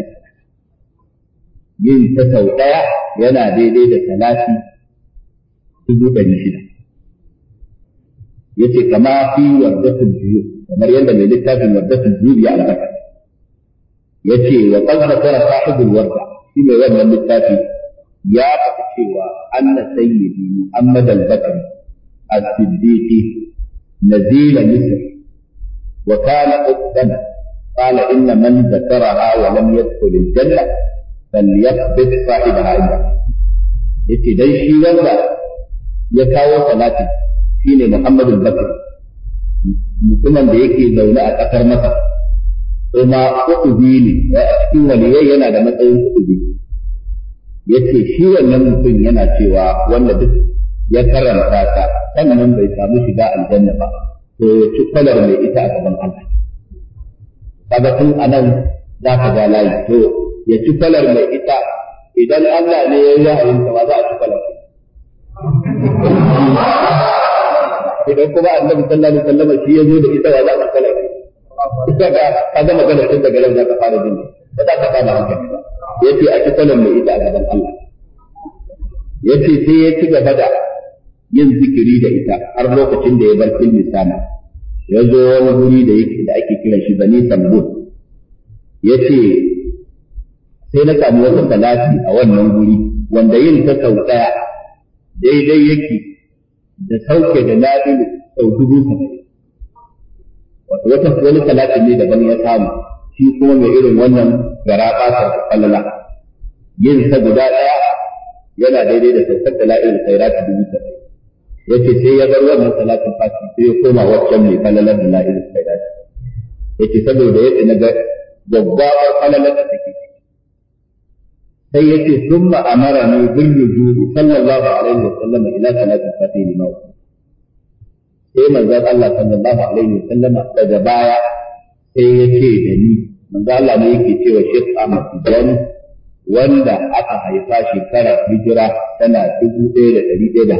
yin ta sau daya yana daidai da talatin dubu ɗari shida yace kama fi wardatul juyub kamar yadda mai littafin wardatul juyub ya albaka yace wa qad zakara sahibul warda shi mai wannan littafi ya faɗi cewa anna sayyidi muhammad al-bakri الصديق نزيل مصر وكان أختنا قال إن من ذكرها ولم يدخل الجنة فليقبض صاحبها عنده yace dai shi wanda ya kawo salati ne Muhammadu Bakar mutumin da yake zaune a ƙasar Masar kuma kutubi ne a cikin waliyai yana da matsayin kutubi yace shi wannan mutum yana cewa wanda duk ya karanta ta sannan bai samu shiga aljanna ba to ya ci kwalar mai ita a gaban Allah kaga tun anan za ka ga layi to ya ci kwalar mai ita idan Allah ne ya yi ra'ayin ta ba za a ci kwalar idan kuma annabi sallallahu alaihi wasallam shi ya zo da ita ba za a ci kwalar ita ga kaga magana tun daga nan za ka fara jin ba za ka fara hankali ba yace a ci kwalar mai ita a gaban Allah yace sai ya ci gaba da yin zikiri da ita har lokacin da ya bar sana ya zo wani guri da yake da ake kiran shi bani tambul ya ce sai na samu wata talafi a wannan guri wanda yin ta sau ɗaya daidai yake da sauke da labilu sau dubu ta. wata wani talafi ne daban ya samu shi kuma mai irin wannan gara ɓatar falala yin ta guda ɗaya yana daidai da saukar da labilu sairatu dubu saba'in yace sai ya bar wannan salatin fati sai ya koma waccan mai falalar da la'il sai da yace saboda yace na ga gaggawar falalar da take sai yace summa amara ni bil wujubi sallallahu alaihi wa sallam ila salatin fati limau sai manzon Allah sallallahu alaihi wa sallam daga baya sai yace da ni manzon Allah ne yake cewa Sheikh Ahmad Tijani wanda aka haifa shekarar hijira tana dubu ɗaya da ɗari ɗaya da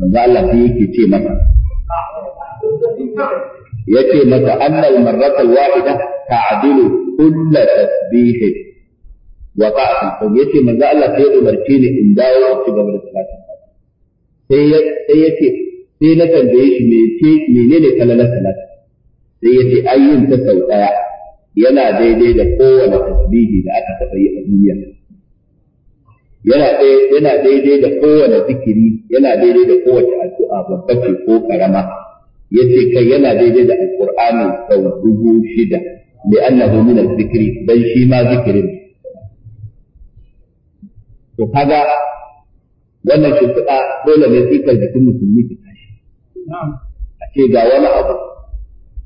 manzo Allah sai yake ce masa yace masa annal marratal wahida ta'dilu kull tasbih wa ta'til to yace manzo Allah sai ya umarce ni in dawo a cikin da salati sai sai yace sai na tambaye shi menene kalalar salati sai yace ayyun ta sau daya yana daidai da kowane tasbihi da aka taɓa yi a duniya yana yana daidai da kowane zikiri yana daidai da kowace addu'a babba ce ko karama yace kai yana daidai da alqur'ani sau dubu shida annahu min al-zikri dan shi ma zikirin to kaga wannan shimfiɗa dole ne tsikar jikin musulmi ta tashi a ce ga wani abu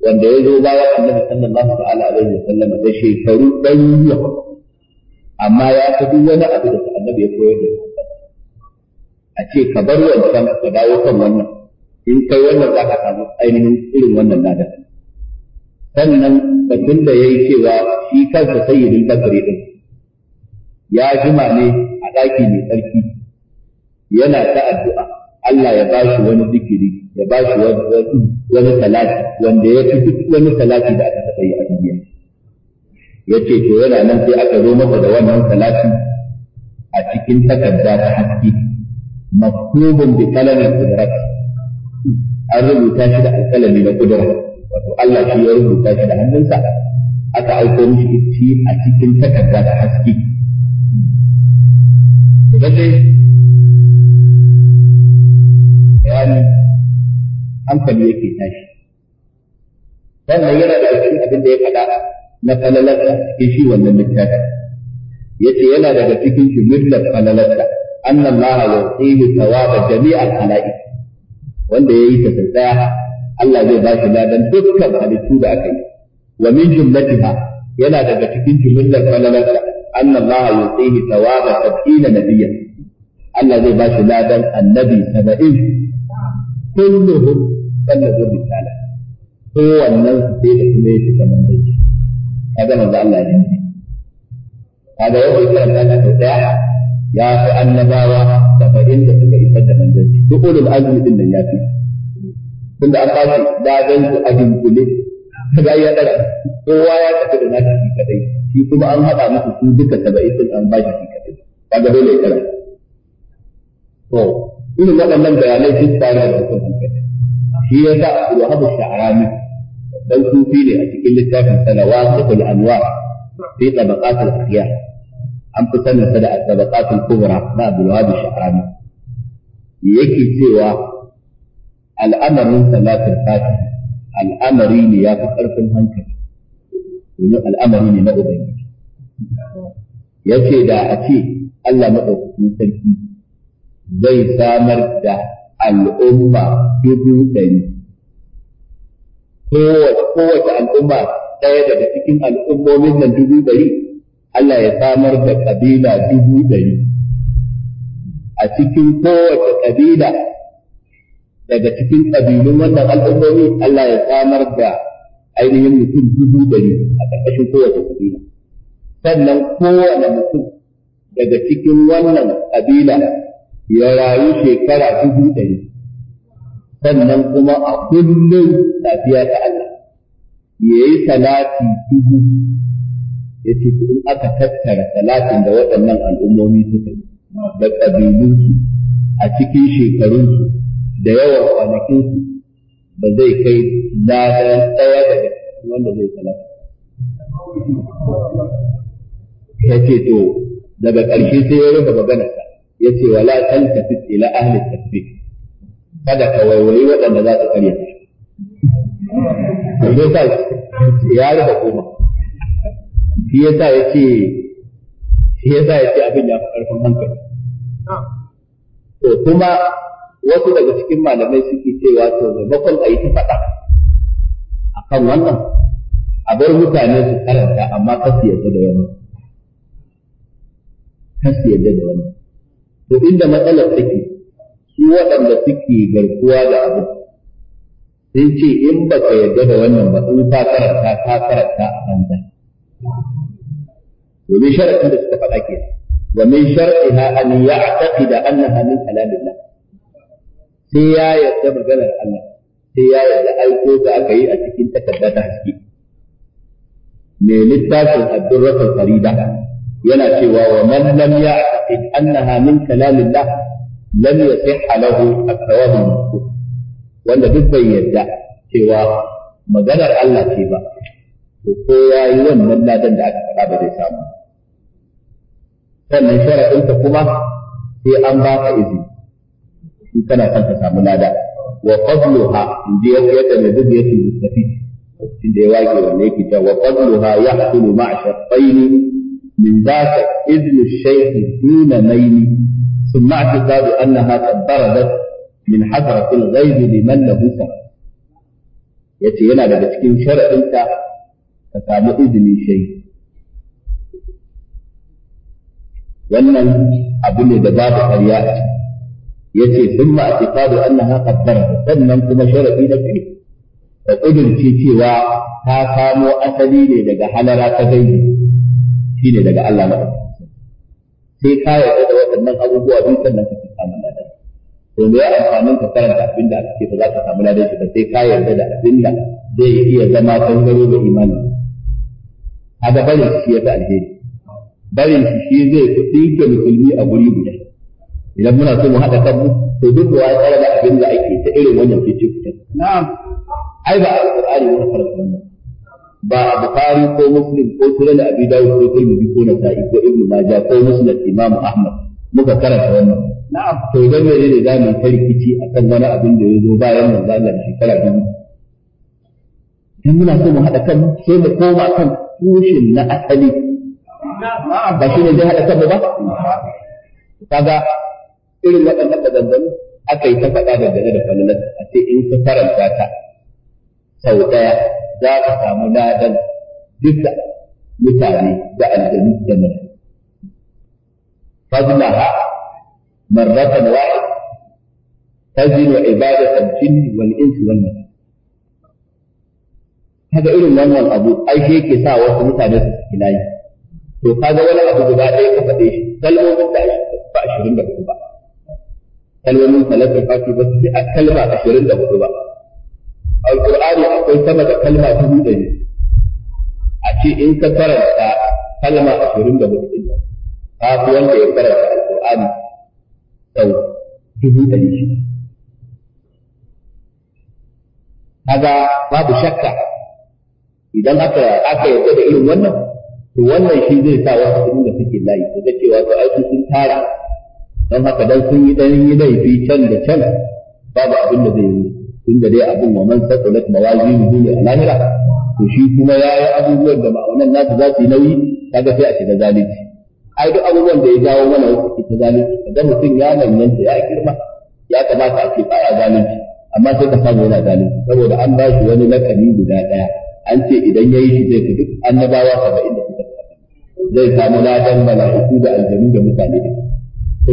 wanda ya zo bayan annabi sallallahu alaihi wa sallam da shekaru ɗaruruwa amma ya ta duk wani abu da annabi ya koyar da sahabbai a ce ka bar wancan ka dawo kan wannan in kai wannan za ka samu ainihin irin wannan nada sannan batun da ya yi cewa shi kansa sayyidin kafiri din ya jima ne a ɗaki mai tsarki yana ta addu'a Allah ya ba shi wani zikiri ya ba shi wani talati wanda ya fi duk wani talati da aka taɓa yi a Ya ce to yana nan sai aka zo maka da wannan salati a cikin takarda ta haske maktubun bi kalamin kudrat an rubuta shi da alkalami na kudura wato Allah shi ya rubuta shi da hannunsa aka aiko mishi shi a cikin takarda ta haske lalle yani hankali yake tashi wannan yana da cikin abin da ya faɗa na falalarsa cikin shi wannan littafin yace yana daga cikin shi jumlar falalarsa anna allaha yu'tihi da jami'ar khalaiq wanda yayi ta tsaya Allah zai ba shi ladan dukkan halittu da aka yi wa min jumlatiha yana daga cikin shi jumlar falalarsa anna allaha yu'tihi thawaba sab'ina nabiyyan Allah zai ba shi ladan annabi 70 kulluhum ballaghu risala kowannen su sai da kuma yake kamar dai kaga manzo Allah ne kaga yau kiran da ta ya fi annabawa da fa'in da suka isar da manzanci duk da azumi din nan ya fi tunda an bashi dadan ku a dinkule kaga ya dara kowa ya tafi da nata shi kadai shi kuma an haɗa musu su duka saba'in din an bashi shi kadai kaga dole ya karanta to irin waɗannan bayanai sun tsari da mutum hankali shi ya sa abu habu sha'arami dan sufi ne a cikin littafin sa nawaqiful anwar fi tabaqat al akhyar an fi sanin sa da tabaqat al kubra na Abdul Wahab Shahrani yake cewa al'amarin salatul fatih al'amari ne ya fi karfin hankali domin al'amari ne na ubangiji yace da a ce Allah madaukakin sarki zai samar da al'umma dubu ɗari kowace al'umma ɗaya daga cikin al'ummomin nan dubu ɗari Allah ya samar da kabila dubu ɗari a cikin kowace kabila daga cikin ƙabilun wannan al'ummomi Allah ya samar da ainihin mutum dubu ɗari a ƙarƙashin kowace kabila sannan kowane mutum daga cikin wannan kabila ya rayu shekara dubu ɗari sannan kuma a kullum lafiya ta Allah ya yi salati dubu ya ce in aka tattara salatin da waɗannan al'ummomi suka yi da ƙabilunsu a cikin shekarunsu da yawan kwanakinsu ba zai kai ladan ɗaya daga wanda zai salati. Ya ce to daga ƙarshe sai ya rufe maganarsa ya ce wala fi ila ahli tasbih kada ka waiwayi waɗanda za ka karya shi yasa ya rufe koma shi sa ya ce shi sa ya ce abin ya fi ƙarfin hankali to kuma wasu daga cikin malamai suke cewa to maimakon a yi ta faɗa a kan wannan a bar mutane su karanta amma kasu yadda da wani. kasu yadda da wani. to inda matsalar take su waɗanda suke garkuwa da abu sun ce in ba ka yarda da wannan ba in ka karanta ka karanta a banza domin sharaɗin da suka faɗa ke wa min shar'iha an ya'taqida annaha min kalamillah sai ya yarda maganar Allah sai ya yarda aiko da aka yi a cikin takarda ta haske mai littafin Abdurrahman Farida yana cewa wa man lam ya'taqid annaha min kalamillah lam yasihha lahu at-thawab al-maktub wanda duk bai yadda cewa maganar Allah ce ba to ko yayi wannan ladan da aka faɗa ba zai samu sannan sharaɗinka kuma sai an ba ka izini in kana son ka samu lada wa fadluha inda ya yata ne duk yake mustafi inda ya wake wanne yake ta wa fadluha yahsulu ma'a shartaini min dhaka idlu shaykh duna naini ثم اعتقاد أنها قد بردت من حضرة الغيب لمن له سبب yace yana daga cikin sharaɗinta ka samu izinin shaidu wannan abu ne da babu ƙarya a yace sun ma atikadu annaha qaddara sannan kuma sharadi na kai da kudurci cewa ta samo asali ne daga daga Allah sai ka yarda da waɗannan abubuwa biyu sannan kake samun ladan to me ya amfanin ka karanta abin da aka ce ba za ka samu ladan shi ba sai ka yarda da abin da zai iya zama bangare da a ga barin shi ya fi alheri barin shi shi zai fi ɗinke musulmi a guri guda idan muna so mu haɗa kanmu to duk wa ya tsara da abin da ake ta irin wannan fice fice na'am ai ba alqur'ani ne farko wannan ba a bukari ko Muslim ko Sunan Abi Dawud ko bi ko sa'i ko Ibn Majah ko Musnad Imam Ahmad muka karanta wannan na'am to idan ne ne da mu tarkici akan wani abin da ya zo bayan manzo Allah da shekara biyu in muna so mu hada kan sai mu koma kan tushen na asali ba shi ne zai hada kan ba kaga irin waɗannan maganganu aka yi ta faɗa dangane da falalar a in ka karanta ta sau ɗaya za ka samu ladan duka mutane da aljanu da mana fadlaha marratan wahid تزن wal insu wal mata. kaga irin wannan abu ai shi yake sa wasu mutane su saki layi to kaga wani abu guda ɗaya ka faɗe shi kalmomin da ba ashirin da hudu ba kalmomin salafin fati ba su a kalma ashirin da hudu ba alqur'ani akwai sama da kalma dubu ɗari a ce in ka karanta kalma ashirin da hudu ɗin ka wanda ya karanta alqur'ani sau dubu ɗari shida kaga babu shakka idan aka aka yarda da irin wannan to wannan shi zai sa wasu abin da suke layi su ga cewa to ai sun tara don haka dan sun yi dan yi laifi can da can babu abin da zai yi tunda dai abin wa man saqulat mawazinuhu ne alahira to shi kuma yayi abubuwan da ma'aunan nasu za su yi nauyi kaga sai a shiga zalunci ai duk abubuwan da ya jawo mana wasu ta zalunci kaga mutum ya manyanta ya girma ya kamata a ce a zalunci amma sai ka samu yana zalunci saboda an ba shi wani lakabi guda daya an ce idan ya yi shi zai fi duk annabawa saba'in da suka zai samu ladan mala'iku da aljanu da mutane da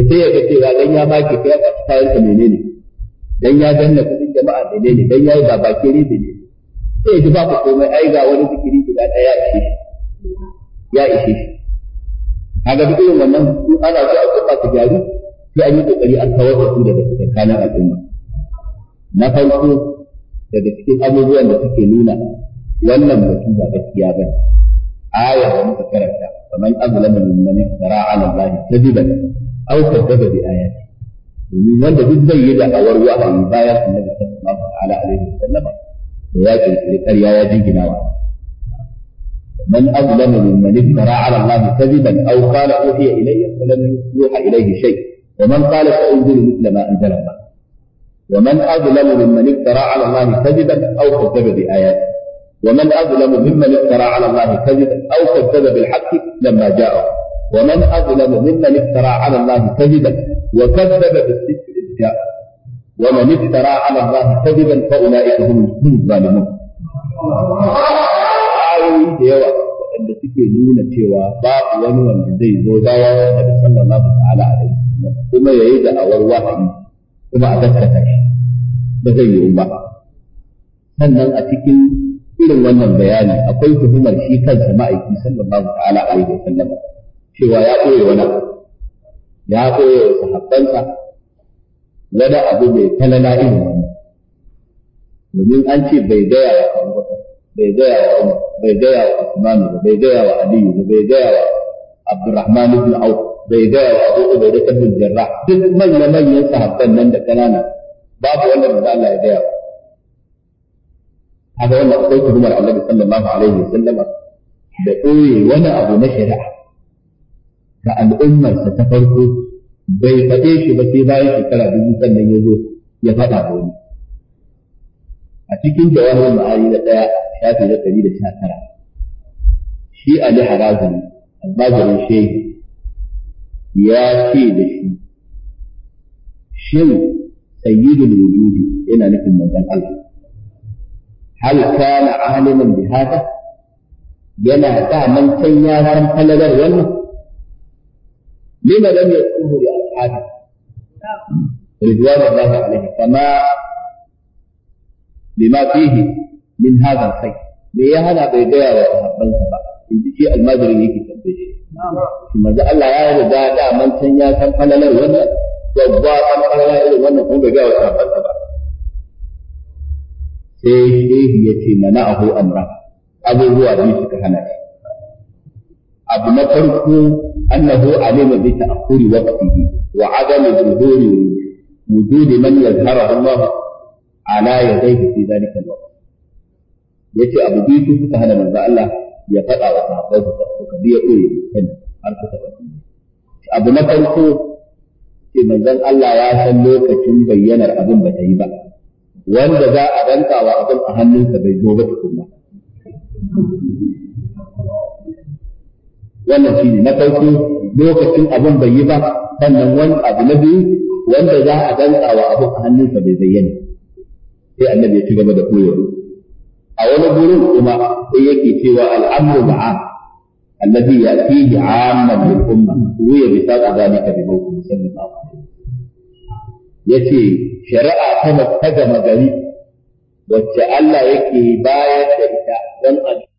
sai ya ga cewa dan ya make kai a kayan ka menene dan ya danna jama'a ne dan yayi ba ribi ne sai ji ku komai ai ga wani zikiri guda daya ya ishe ya ishe kaga duk irin wannan su ana so a kuma ta gyaru sai an yi kokari an kawar da su daga tsakanin al'umma na farko daga cikin abubuwan da suke nuna wannan mutum ba gaskiya ba aya da muka karanta kamar azlama man iftara ala allah kadiban aw kadaba bi ayati domin wanda duk أو yi da awar wahayi bayan annabi sallallahu ta'ala alaihi wasallam to ya kirkiri ƙarya ya من أظلم ممن افترى على الله كذبا أو قال أوحي إلي فلم يوحى إليه شيء ومن قال فأنزل مثل ما أنزل الله ومن أظلم ممن افترى على الله كذبا أو كذب بآياته ومن أظلم ممن افترى على الله كذبا أو كذب بالحق لما جاءه ومن أظلم ممن افترى على الله كذبا وكذب بالذكر إذ ومن افترى على الله كذبا فأولئك هم الظالمون yawa waɗanda suke nuna cewa ba wani wanda zai zo bayan annabi sallallahu ta'ala alaihi wasallam kuma yayi da awar wahayi kuma a dakkata shi ba zai yi ba sannan a cikin irin wannan bayani akwai tuhumar shi kansa ma'aiki sallallahu ta'ala alaihi wasallam cewa ya ɓoye wani ya ɓoye wasu sahabbansa wani abu mai tanana irin wani domin an ce bai gaya wa abubakar bai gaya wa umar bai gaya wa usman ba bai gaya wa aliyu ba bai gaya wa abdurrahman ibn auf bai gaya wa abu ubaida ibn jarrah duk manya manyan sahabban nan da kanana babu wanda manzo Allah ya gaya wa haka wannan akwai tuhumar Annabi sallallahu alaihi wasallam da ɓoye wani abu na shari'a ga al'ummarsa ta farko bai faɗe shi ba sai bayan shekara dubu sannan ya zo ya faɗa da wani a cikin jawahar ma'ani na ɗaya shafi na ɗari da sha tara shi ali harazin albajirin shehi ya ce da shi shin sayyidul wujudi yana nufin manzon Allah hal kana aliman bi hada yana da man san ya san wannan لما لم يذكره لأصحابه رضوان الله عليه فما بما فيه من هذا الخير me ya hana bai gaya ba in ji shi almajirin yake tambaye shi shi Allah ya riga da man san ya san falalar wannan babba kan falalar irin wannan kuma bai gaya wa sahabbansa ba sai shehi ya ce mana ahu amra abubuwa biyu suka hana shi abu na farko annahu alima bi ta'khuri waqtihi wa adami zuhuri wujud man yazharahu Allah ala yadayhi fi dhalika al-waqt yace abu biyu suka hana manzo Allah ya faɗa wa sahabbai suka biya koyi kan har suka faɗa abu na farko ce manzon Allah ya san lokacin bayyanar abin ba ta yi ba wanda za a danka wa abin a hannunsa bai zo ba tukunna wannan shi ne na farko lokacin abin bai yi ba sannan wani abu na biyu wanda za a danka wa abin a hannunsa bai bayyana sai annabi ya ci gaba da koyarwa a wani gurin kuma sai yake cewa al'amru ma'a alladhi ya'tihi 'amman lil umma huwa bi saqa zalika bi mawqif sallallahu alaihi wasallam yace shari'a ta gama gari wacce Allah yake bayar da ita don a